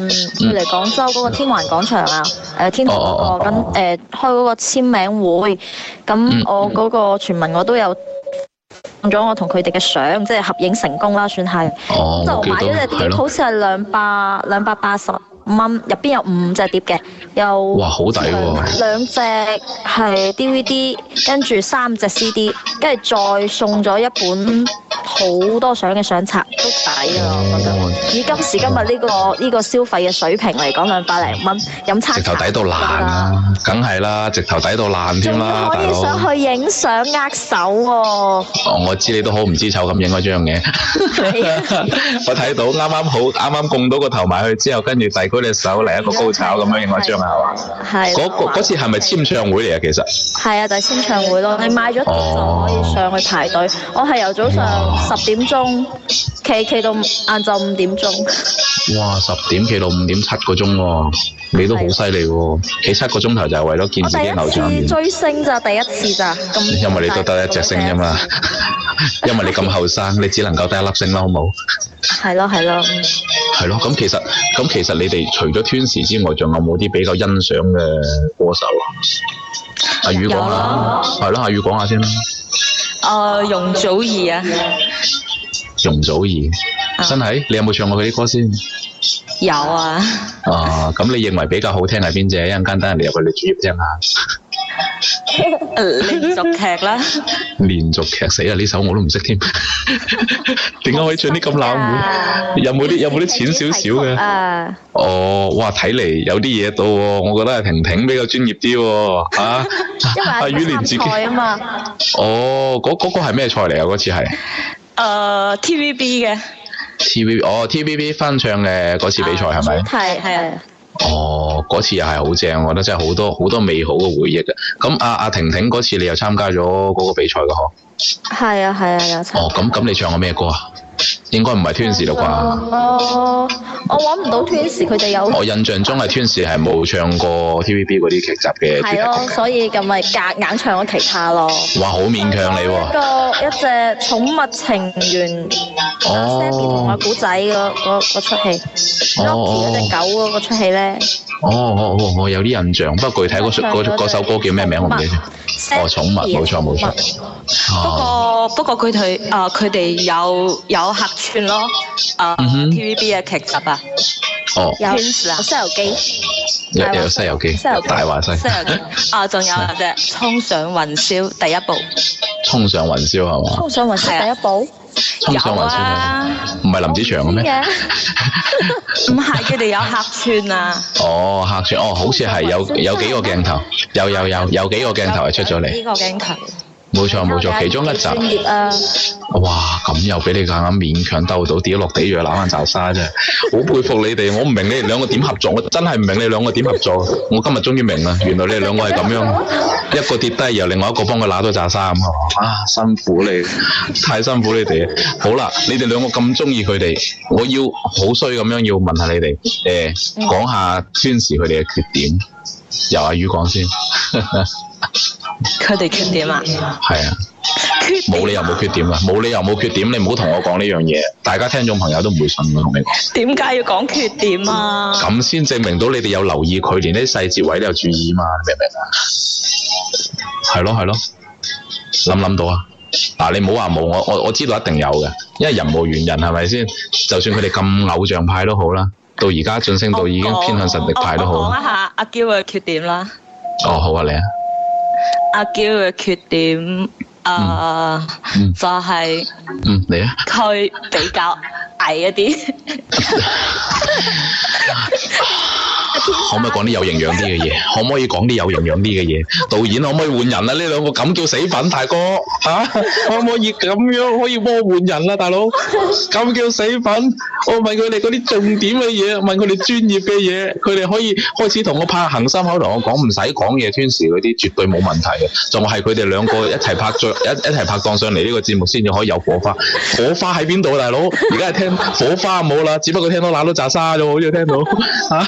嚟、嗯、廣州嗰個天環廣場啊誒、呃、天台嗰個咁誒開嗰個簽名會，咁我嗰個傳聞我都有。用咗我同佢哋嘅相，即係合影成功啦，算係。就、哦、買咗隻碟，的好似係兩百兩百八十蚊，入邊有五隻碟嘅。有兩,兩隻係 DVD，跟住三隻 CD，跟住再送咗一本好多相嘅相冊，都抵啊、哦我覺得！以今時今日呢、呢個呢、哦、個消費嘅水平嚟講，兩百零蚊飲茶直頭抵到爛啊！梗係啦，直頭抵到爛添啦，我亦想去影相握手喎、啊哦。我知你都好唔知醜咁影嗰張嘅，我睇到啱啱好啱啱供到個頭埋去之後，跟住遞嗰隻手嚟一個高炒咁樣影嗰張係，嗰嗰次係咪簽唱會嚟啊？其實係啊，就係簽唱會咯。你買咗就可以上去排隊。我係由早上十點鐘企企到晏晝五點鐘。哇，十點企到五點七個鐘喎，你都好犀利喎！企七個鐘頭就係為咗見自己偶像面。追星咋，第一次咋，咁大個年紀。因為你都得一隻星啫嘛，因為你咁後生，你只能夠得一粒星咯，好冇？係咯，係咯，係咯。咁其實，咁其實你哋除咗 Twins 之外，仲有冇啲比較？欣賞嘅歌手啊，阿宇講下，係咯有，阿宇講下先啦。誒、呃，容祖兒啊，容祖兒，真係、啊、你有冇唱過佢啲歌先？有啊。啊，咁你認為比較好聽係邊隻？一陣間等人哋入去主頁聽下。 連續劇啦，連續劇死啦！呢首我都唔識添，點解可以唱啲咁冷門？有冇啲有冇啲淺少少嘅？哦、啊，oh, 哇，睇嚟，有啲嘢到喎，我覺得係婷婷比較專業啲喎，阿于、啊 啊、連自己哦，嗰嗰個係咩菜嚟啊？嗰、那個、次係誒 TVB 嘅 TVB 哦 TVB 翻唱嘅嗰次比賽係咪？係係啊。哦，嗰次又係好正，我覺得真係好多好多美好嘅回憶嘅。咁阿阿婷婷嗰次你又參加咗嗰個比賽嘅？嗬，係啊係啊，有參加。哦，咁咁你唱過咩歌啊？應該唔係 Twins 嘞啩？哦，我揾唔到 Twins，佢哋有。我印象中係 Twins 係冇唱過 TVB 嗰啲劇集嘅。係咯，所以咁咪夾硬唱咗其他咯。哇，好勉強你喎！個一隻寵物情緣 Sammy 同埋古仔嗰嗰出戲，攞住嗰隻狗嗰個出戲咧。哦，我有啲印象，不過具體嗰首歌叫咩名我唔記得。哦，寵物，冇錯冇錯。不過不過佢哋啊，佢哋有有合。串咯，啊 TVB 嘅劇集啊，哦，有《西遊記》，有《西遊記》，《西遊大話西》，《西遊記》啊，仲有啊隻《衝上雲霄》第一部，《衝上雲霄》係嘛，《衝上雲霄》第一部，有啊，唔係林子祥嘅咩？唔係佢哋有客串啊？哦，客串哦，好似係有有幾個鏡頭，有有有有幾個鏡頭係出咗嚟。冇錯冇錯，其中一集，哇咁又俾你啱啱勉強鬥到跌落地，又攬翻一紮沙，真係好佩服你哋！我唔明你哋兩個點合作，我真係唔明你兩個點合作。我今日終於明啦，原來你哋兩個係咁樣，一個跌低，然後另外一個幫佢攬到一紮沙咁啊！辛苦你，太辛苦你哋。好啦，你哋兩個咁中意佢哋，我要好衰咁樣要問，問你、欸、下你哋，誒講下宣示佢哋嘅缺點。由阿宇講先。 佢哋缺點啊？係啊，冇理由冇缺點啦，冇理由冇缺點，你唔好同我講呢樣嘢，大家聽眾朋友都唔會信嘅，明唔明？點解要講缺點啊？咁先證明到你哋有留意佢，連啲細節位都有注意嘛？明唔明啊？係咯係咯，諗唔諗到啊！嗱，你唔好話冇我，我我知道一定有嘅，因為人無完人係咪先？就算佢哋咁偶像派都好啦，到而家晉升到已經偏向實力派都好我。哦，講下阿嬌嘅缺點啦。哦，好啊，你啊。阿嬌嘅缺點，誒，就係佢比較矮一啲。 可唔可以講啲有營養啲嘅嘢？可唔可以講啲有營養啲嘅嘢？導演可唔可以換人啊？呢兩個咁叫死粉，大哥，吓、啊、可唔可以咁樣可以幫我換人啦、啊，大佬？咁叫死粉？我問佢哋嗰啲重點嘅嘢，問佢哋專業嘅嘢，佢哋可以開始同我拍，行心口同我講，唔使講嘢宣示嗰啲，絕對冇問題嘅。仲係佢哋兩個一齊拍，一一齊拍檔上嚟，呢個節目，先至可以有火花。火花喺邊度，大佬？而家係聽火花冇啦，只不過聽到爛到炸沙啫，好似聽到吓、啊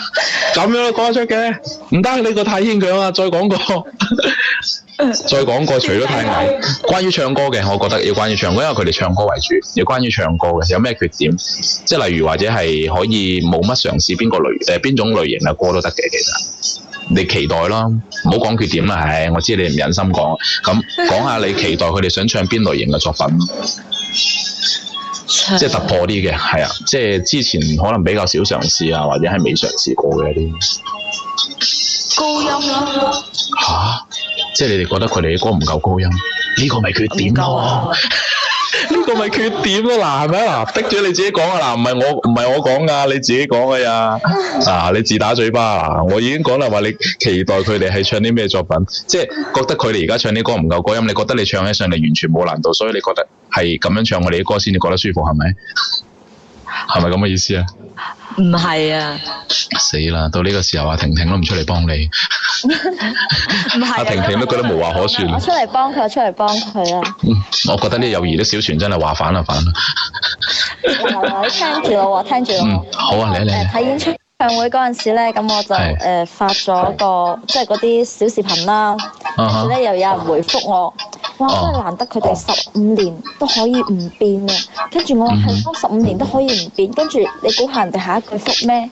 咁樣都講得出嘅，唔得你個太牽強啦！再講個，再講個，除咗太矮，關於唱歌嘅，我覺得要關於唱歌，因為佢哋唱歌為主，要關於唱歌嘅，有咩缺點？即係例如或者係可以冇乜嘗試邊個類，誒邊種類型嘅歌都得嘅。其實你期待囉，唔好講缺點啦，唉我知你唔忍心講，咁講下你期待佢哋想唱邊類型嘅作品。即係突破啲嘅，係啊！即係之前可能比較少嘗試啊，或者係未嘗試過嘅一啲。高音咯、啊、嚇、啊，即係你哋覺得佢哋嘅歌唔夠高音，呢、個咪缺點咯。呢 個咪缺點咯、啊，嗱係咪嗱，逼住你自己講啊，嗱，唔係我唔係我講噶、啊，你自己講嘅呀。嗱、啊，你自打嘴巴、啊。嗱，我已經講啦，話你期待佢哋係唱啲咩作品，即係覺得佢哋而家唱啲歌唔夠高音，你覺得你唱起上嚟完全冇難度，所以你覺得係咁樣唱我哋啲歌先至覺得舒服，係咪？係咪咁嘅意思啊？唔係啊！死啦！到呢個時候，阿婷婷都唔出嚟幫你。阿婷婷都覺得無話可説。我出嚟幫佢，出嚟幫佢啊！我覺得啲友誼，啲小船真係話反啊反啊！你聽住我，聽住我。好啊，你嚟睇演出唱會嗰陣時咧，咁我就誒發咗個即係嗰啲小視頻啦。跟住咧又有人回覆我，哇！真係難得佢哋十五年都可以唔變啊。跟住我係講十五年都可以唔變。跟住你估下人哋下一句覆咩？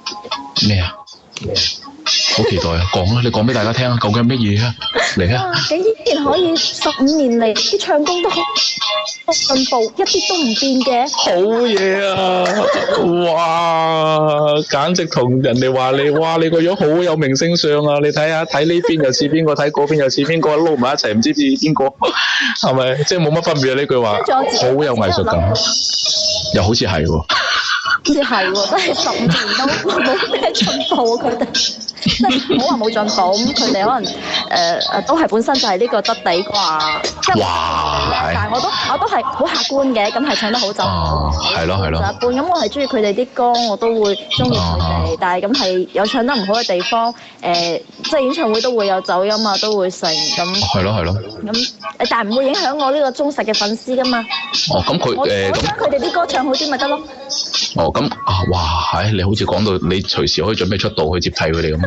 咩啊？咩啊？好 期待啊！講啦、啊，你講俾大家聽啊！究竟係乜嘢啊？嚟啊！竟 然可以十五年嚟啲唱功都好進步，一啲都唔變嘅。好嘢啊！哇，簡直同人哋話你哇，你個樣好有明星相啊！你睇下，睇呢邊又似邊個，睇嗰邊又似邊個，撈埋一齊唔知似邊個，係咪？即係冇乜分別啊！呢句話好有藝術感，又好似係喎，好似係喎，真係十五年都冇咩進步啊！佢哋。即係唔好話冇進步，咁佢哋可能誒誒都係本身就係呢個質地啩。哇！但係我都我都係好客觀嘅，咁係唱得好就係好，就一般。咁我係中意佢哋啲歌，我都會中意佢哋。但係咁係有唱得唔好嘅地方，誒，即係演唱會都會有走音啊，都會成咁。係咯係咯。咁但係唔會影響我呢個忠實嘅粉絲噶嘛？哦，咁佢誒，我覺得佢哋啲歌唱好啲咪得咯。哦，咁啊，哇！係你好似講到你隨時可以準備出道去接替佢哋咁。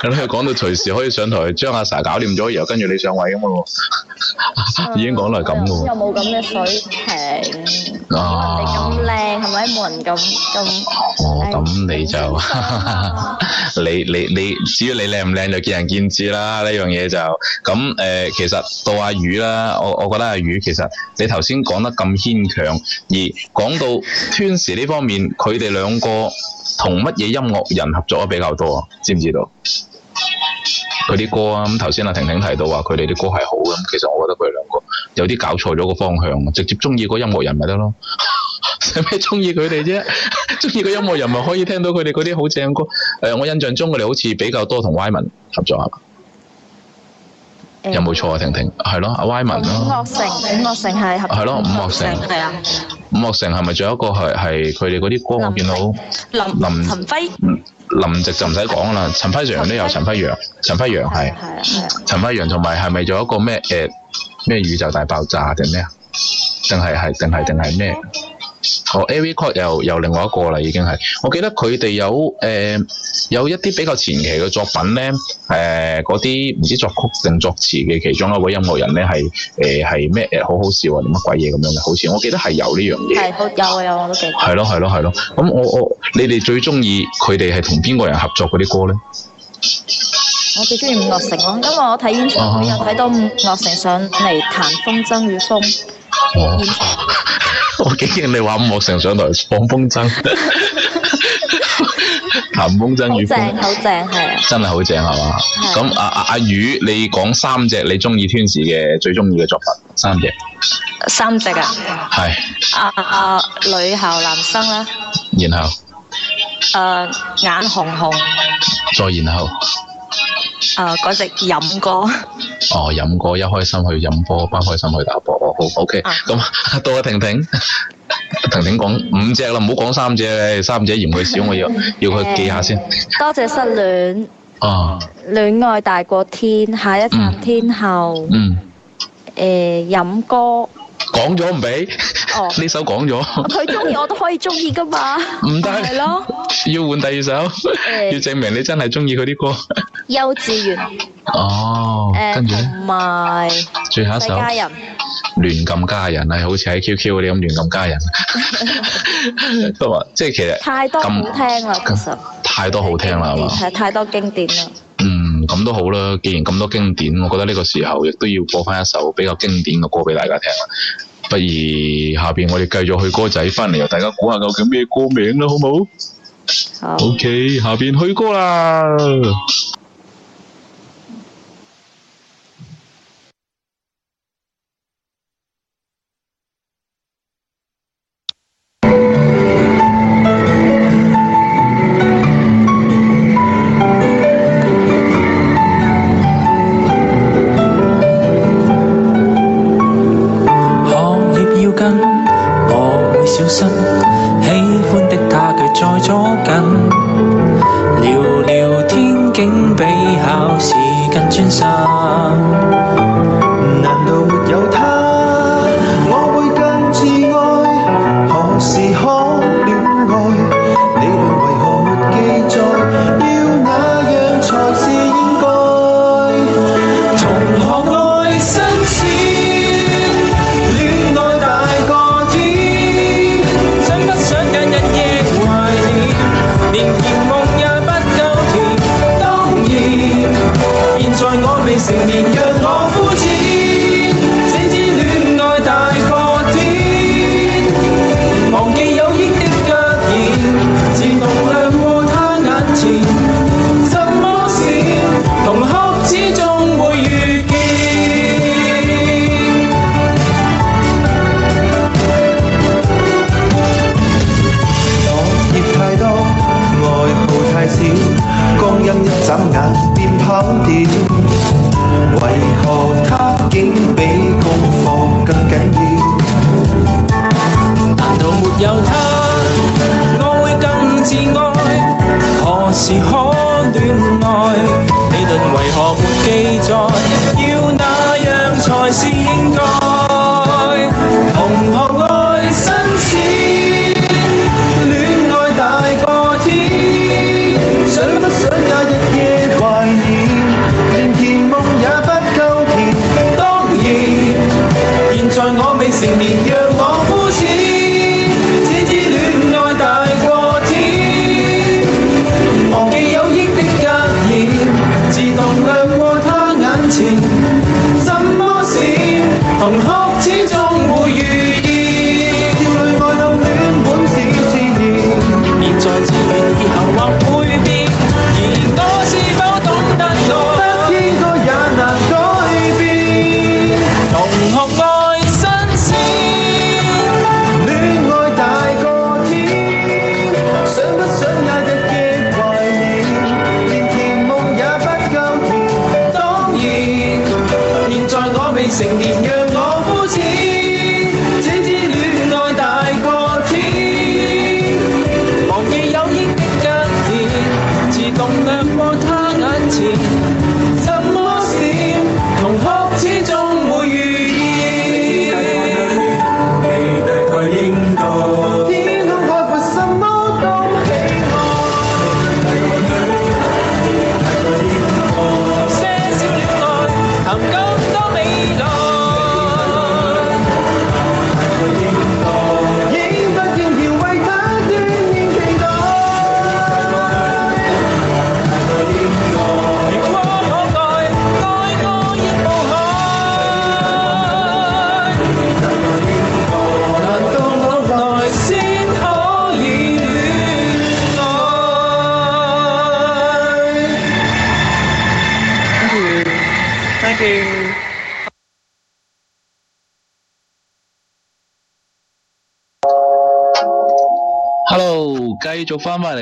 咁你 講到隨時可以上台將阿 s a 搞掂咗，然後跟住你上位咁喎， 已經講到咁喎。有冇咁嘅水平？哦，咁靚係咪？冇人咁咁。哦，咁你就，你你 你，只要你靚唔靚就見仁見智啦。呢樣嘢就咁誒、嗯呃，其實到阿宇啦，我我覺得阿宇其實你頭先講得咁牽強，而講到 t w a n s i n t 呢方面，佢哋兩個同乜嘢音樂人合作得比較多啊？知唔知道？佢啲歌啊，咁頭先阿婷婷提到話佢哋啲歌係好咁，其實我覺得佢哋兩個有啲搞錯咗個方向，直接中意個音樂人咪得咯。使咩中意佢哋啫？中 意個音樂人咪可以聽到佢哋嗰啲好正歌。誒、呃，我印象中佢哋好似比較多同 Y 文合作下。嗯、有冇錯啊？婷婷係咯，阿 Y、啊、文咯。伍樂成，伍樂成係合係咯，伍樂成係啊。伍樂成係咪仲有一個係係佢哋嗰啲歌我見到林林陳輝輝輝林夕就唔使講噶啦，陳輝陽都有陳輝陽，陳輝陽係，陳輝陽同埋係咪仲有一個咩？誒、欸、咩宇宙大爆炸定咩啊？定係係定係定係咩？哦、oh, a v c o r d 又又另外一個啦，已經係。我記得佢哋有誒、呃、有一啲比較前期嘅作品咧，誒嗰啲唔知作曲定作詞嘅其中一位音樂人咧係誒係咩好好笑啊，啲乜鬼嘢咁樣嘅，好似我記得係有呢樣嘢。係，有啊有，我都記得。係咯係咯係咯，咁我我你哋最中意佢哋係同邊個人合作嗰啲歌咧？我最中意伍樂城咯，因為我睇演唱會，每日睇到伍樂城上嚟彈風箏與風、oh. 場我竟然你話五岳成上台放風箏，談 風箏雨，好正，好正，係、啊、真係好正係嘛。咁、啊啊、阿阿阿雨，你講三隻你中意 Twins 嘅最中意嘅作品，三隻，三隻啊，係是啊，啊、呃呃，女校男生啦，然後，誒、呃、眼紅紅，再然後。誒，嗰隻飲歌 哦，飲歌一開心去飲波，不開心去打波。好，OK、啊。咁 到阿婷婷，婷婷講五隻啦，唔好講三隻，三隻嫌佢少，我要要佢記下先、嗯。多謝失戀。哦唉。戀愛大過天，下一站天后。嗯。誒、嗯、飲、呃、歌。講咗唔俾，呢首講咗。佢中意我都可以中意噶嘛？唔得，係咯，要換第二首，要證明你真係中意佢啲歌。幼稚園。哦。誒，跟住。唔係。最後一首。家人。亂撳家人啊，好似喺 QQ 嗰啲咁亂撳家人。都話，即係其實。太多好聽啦，其實。太多好聽啦，係嘛？係太多經典啦。咁都好啦，既然咁多經典，我覺得呢個時候亦都要播翻一首比較經典嘅歌俾大家聽。不如下邊我哋繼續去歌仔返嚟，大家估下究竟咩歌名啦，好唔好？啊。OK，下邊去歌啦。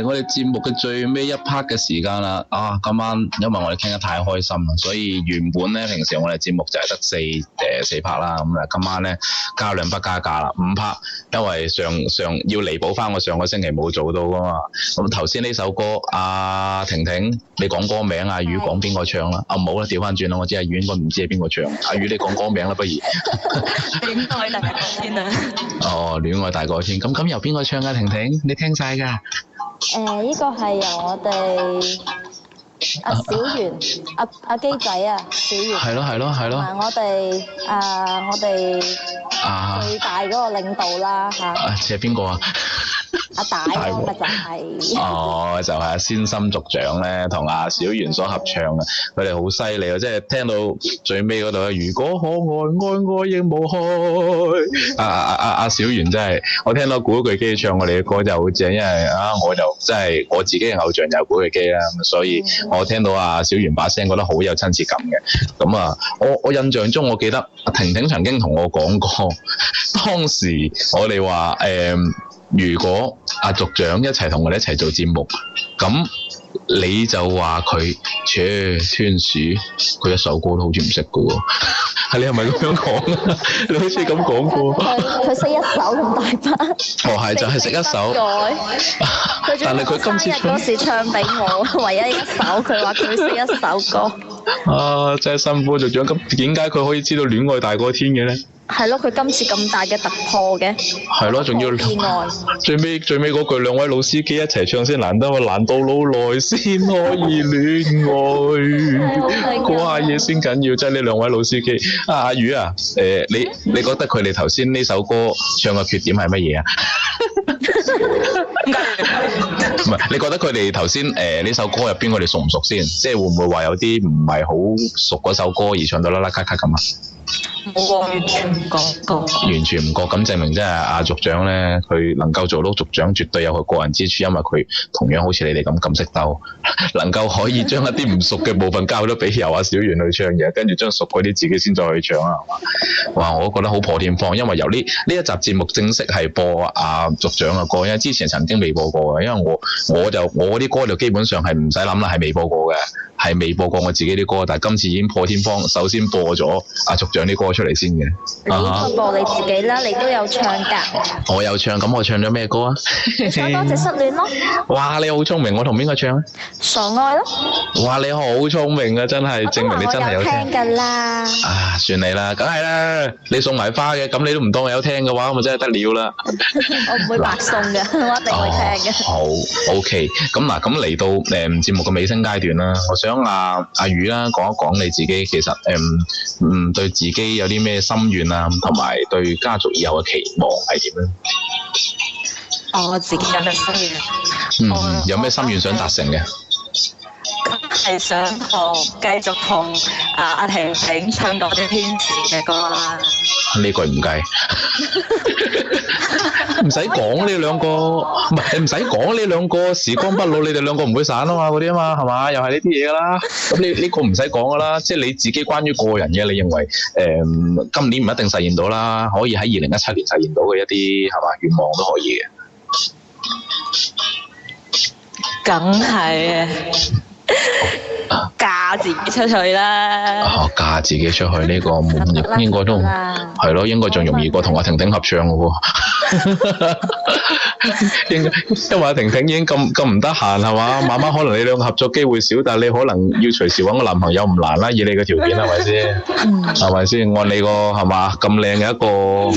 我哋節目嘅最尾一 part 嘅時間啦，啊，今晚因為我哋傾得太開心啦，所以原本咧平時我哋節目就係得四誒四 part 啦，咁啊今晚咧加兩筆加價啦，五拍，因為上上要彌補翻我上個星期冇做到噶嘛，咁頭先呢首歌，阿、啊、婷婷你講歌名阿宇講邊個唱啦、啊？是啊冇啦，調翻轉啦，我知阿宇應該唔知係邊個唱， 阿宇你講歌名啦，不如？戀、 哦、愛大過天啊！哦，戀愛大過天，咁咁由邊個唱啊？婷婷，你聽晒噶？誒，依、呃這個係由我哋阿小圓、阿阿機仔啊，啊仔小圓係咯係咯係咯，同我哋誒、呃、我哋最大嗰個領導啦吓，啊，係邊個啊？阿、啊、大，就係 哦，就係、是、阿先心族長咧，同阿小圓所合唱嘅，佢哋好犀利啊！即係聽到最尾嗰度啊，如果可愛，愛愛亦無害。阿阿阿阿小圓真係，我聽到古巨基唱我哋嘅歌就好正，因為啊，我就即係我自己嘅偶像就古巨基啦，咁所以我聽到阿小圓把聲，覺得好有親切感嘅。咁啊，我我印象中我記得阿婷婷曾經同我講過，當時我哋話誒。欸如果阿族長一齊同我哋一齊做節目，咁你就話佢 c h o 鼠，佢一首歌都好似唔識嘅喎。係 你係咪咁樣講？ 你好似咁講過。佢識一首咁大班。哦，係就係、是、識一首。 但係佢今次嗰唱俾我，唯一一首佢話佢識一首歌。啊，真係辛苦，族長咁點解佢可以知道《戀愛大過天呢》嘅咧？係咯，佢今次咁大嘅突破嘅，係咯，仲要戀愛。最尾最尾嗰句，兩位老司機一齊唱先難得，難到老來先可以戀愛，嗰下嘢先緊要。即係呢兩位老司機，阿宇啊，誒你你覺得佢哋頭先呢首歌唱嘅缺點係乜嘢啊？唔係，你覺得佢哋頭先誒呢首歌入邊，我哋熟唔熟先？即係會唔會話有啲唔係好熟嗰首歌而唱到啦啦咔咔咁啊？完全唔覺，完全唔覺，咁 證明真係阿、啊、族長呢，佢能夠做到族長，絕對有佢過人之處，因為佢同樣好似你哋咁咁識鬥， 能夠可以將一啲唔熟嘅部分交咗俾由阿小圓去唱嘢，跟住將熟嗰啲自己先再去唱啊，係嘛？哇，我覺得好破天荒，因為由呢呢一集節目正式係播阿、啊、族長嘅歌，因為之前曾經未播過嘅，因為我我就我啲歌就基本上係唔使諗啦，係未播過嘅。係未播過我自己啲歌，但係今次已經破天荒，首先播咗阿族長啲歌出嚟先嘅。咁播你自己啦，你都有唱㗎。我有唱，咁我唱咗咩歌啊？多謝失戀咯。哇！你好聰明，我同邊個唱啊？傻愛咯。哇！你好聰明啊，真係證明你真係有聽㗎啦。啊，算你啦，梗係啦，你送埋花嘅，咁你都唔當我有聽嘅話，咁咪真係得了啦。我唔會白送嘅，我一定會聽嘅。好，OK，咁嗱，咁嚟到誒節目嘅尾聲階段啦，想，啊、阿阿宇啦，講一講你自己其實，嗯嗯，對自己有啲咩心願啊，同埋對家族以後嘅期望係點樣？我自己有咩心願？嗯，有咩心願想達成嘅？係想繼續同阿婷婷唱多啲天使嘅歌啦。呢句唔計，唔使講呢兩個，唔係你唔使講呢兩個時光不老，你哋兩個唔會散啊嘛，嗰啲啊嘛，係嘛，又係呢啲嘢噶啦。咁你呢個唔使講噶啦，即係你自己關於個人嘅，你認為誒，今年唔一定實現到啦，可以喺二零一七年實現到嘅一啲係嘛願望都可以嘅。梗係。哦、嫁自己出去啦！哦、嫁自己出去呢、這個門業 應該都係咯， 應該仲容易過同阿婷婷合唱喎。因 因為阿婷婷已經咁咁唔得閒係嘛，慢慢可能你兩個合作機會少，但係你可能要隨時揾個男朋友唔難啦。以你嘅條件係咪先？係咪先？按你個係嘛咁靚嘅一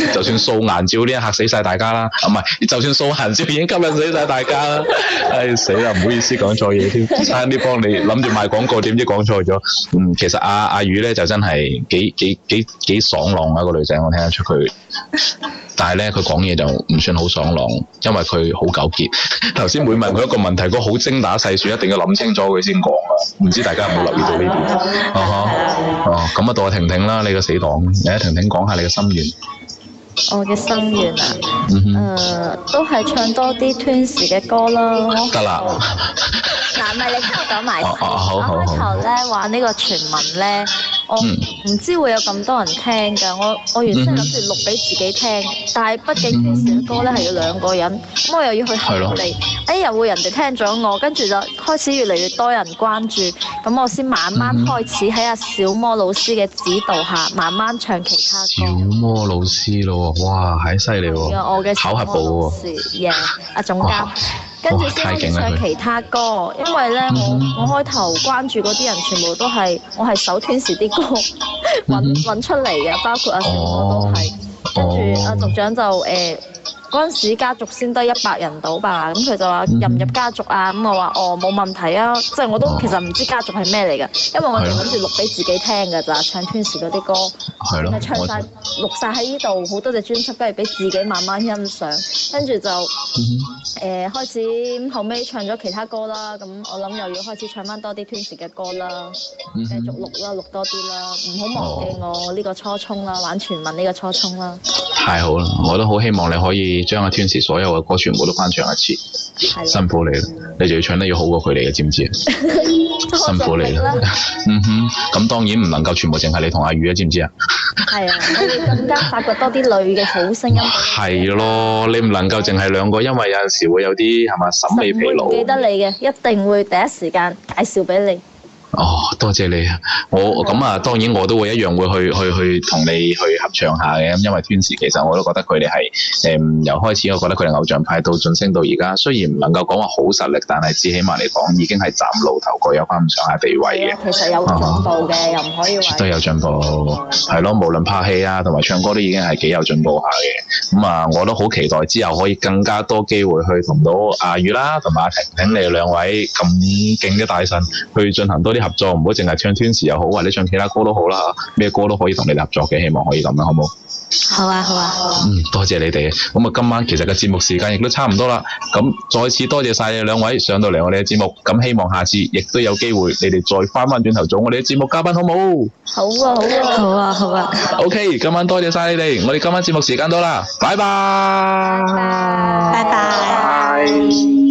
個，就算素顏照呢，嚇死晒大家啦。唔係，就算素顏照已經吸引死晒大家啦。唉、哎、死啦，唔好意思講錯嘢添，差啲幫。 你諗住賣廣告，點知講錯咗？嗯，其實阿、啊、阿、啊、雨咧就真係幾幾幾幾爽朗一、啊那個女仔，我聽得出佢。但係咧，佢講嘢就唔算好爽朗，因為佢好糾結。頭 先每問佢一個問題，佢好精打細算，一定要諗清楚佢先講啊。唔知大家有冇留意到呢點？咁、oh、啊，ha, oh, oh, 到阿婷婷啦，你個死黨，你阿婷婷講下你嘅心願。我嘅心願啊，誒、mm hmm. 呃、都係唱多啲 Twins 嘅歌啦，嗱了，咪、 啊、你聽我講埋。我哦， 好好好。啱開頭咧，話呢個傳聞咧，我唔知會有咁多人聽㗎。我我原先諗住錄俾自己聽，mm hmm. 但係畢竟 Twins 嘅歌咧係要兩個人，咁我又要去學嚟。係了哎，又會人哋聽咗我，跟住就開始越嚟越多人關注，咁我先慢慢開始喺阿小魔老師嘅指導下，慢慢唱其他歌。小魔老師咯哇，係犀利喎！考核部喎，阿、yeah, 總監，跟住先可以唱其他歌，他因為咧我、嗯、我開頭關注嗰啲人全部都係我係搜天時啲歌揾揾、嗯嗯、出嚟嘅，包括阿小哥都係，跟住阿局長就誒。呃嗰陣時家族先得一百人到吧，咁佢就話入唔入家族啊？咁我話哦冇問題啊，即係我都其實唔知家族係咩嚟嘅，因為我哋諗住錄俾自己聽㗎咋，的唱 Twins 嗰啲歌，係咯，唱晒，錄晒喺呢度，好多隻專輯都係俾自己慢慢欣賞，跟住就誒、嗯哼呃、開始，後尾唱咗其他歌啦，咁我諗又要開始唱翻多啲 Twins 嘅歌啦，繼續錄啦，錄多啲啦，唔好、嗯、哼忘記我呢個初衷啦，玩、嗯、哼全民呢個初衷啦。太好啦，我都好希望你可以。將阿 Twins 所有嘅歌全部都翻唱一次，的辛苦你啦！嗯、你就要唱得要好過佢哋嘅，知唔知啊？ 正名 辛苦你啦！ 嗯哼，咁當然唔能夠全部淨係你同阿宇啊，知唔知啊？係啊，你更加發掘多啲女嘅好聲音。係咯， 你唔能夠淨係兩個，的因為有陣時會有啲係咪審美疲勞？唔會記得你嘅，一定會第一時間介紹俾你。哦，多謝你啊！我咁、嗯、啊，的當然我都會一樣會去去去同你去合唱下嘅。咁因為天時其實我都覺得佢哋係誒由開始，我覺得佢哋偶像派到晉升到而家，雖然唔能夠講話好實力，但係至起碼嚟講已經係嶄露頭角，各有翻咁上下地位嘅。其實有進步嘅，哦、又唔可以話，絕對有進步，係、嗯、咯，無論拍戲啊，同埋唱歌都已經係幾有進步下嘅。咁、嗯、啊，我都好期待之後可以更加多機會去同到阿宇啦，同埋阿婷婷你哋兩位咁勁嘅大神去進行多啲合作，唔好淨係唱天 w 又好，或者唱其他歌都好啦，咩歌都可以同你合作嘅，希望可以咁啦，好冇？啊？好啊，好啊。嗯，多謝你哋。咁啊，今晚其實嘅節目時間亦都差唔多啦。咁再次多謝晒你兩位上到嚟我哋嘅節目。咁希望下次亦都有機會，你哋再翻翻轉頭做我哋嘅節目嘉賓，好冇？好啊，好啊，好啊，好啊。 o、okay, K，今晚多謝晒你哋。我哋今晚節目時間到啦，拜拜。拜拜。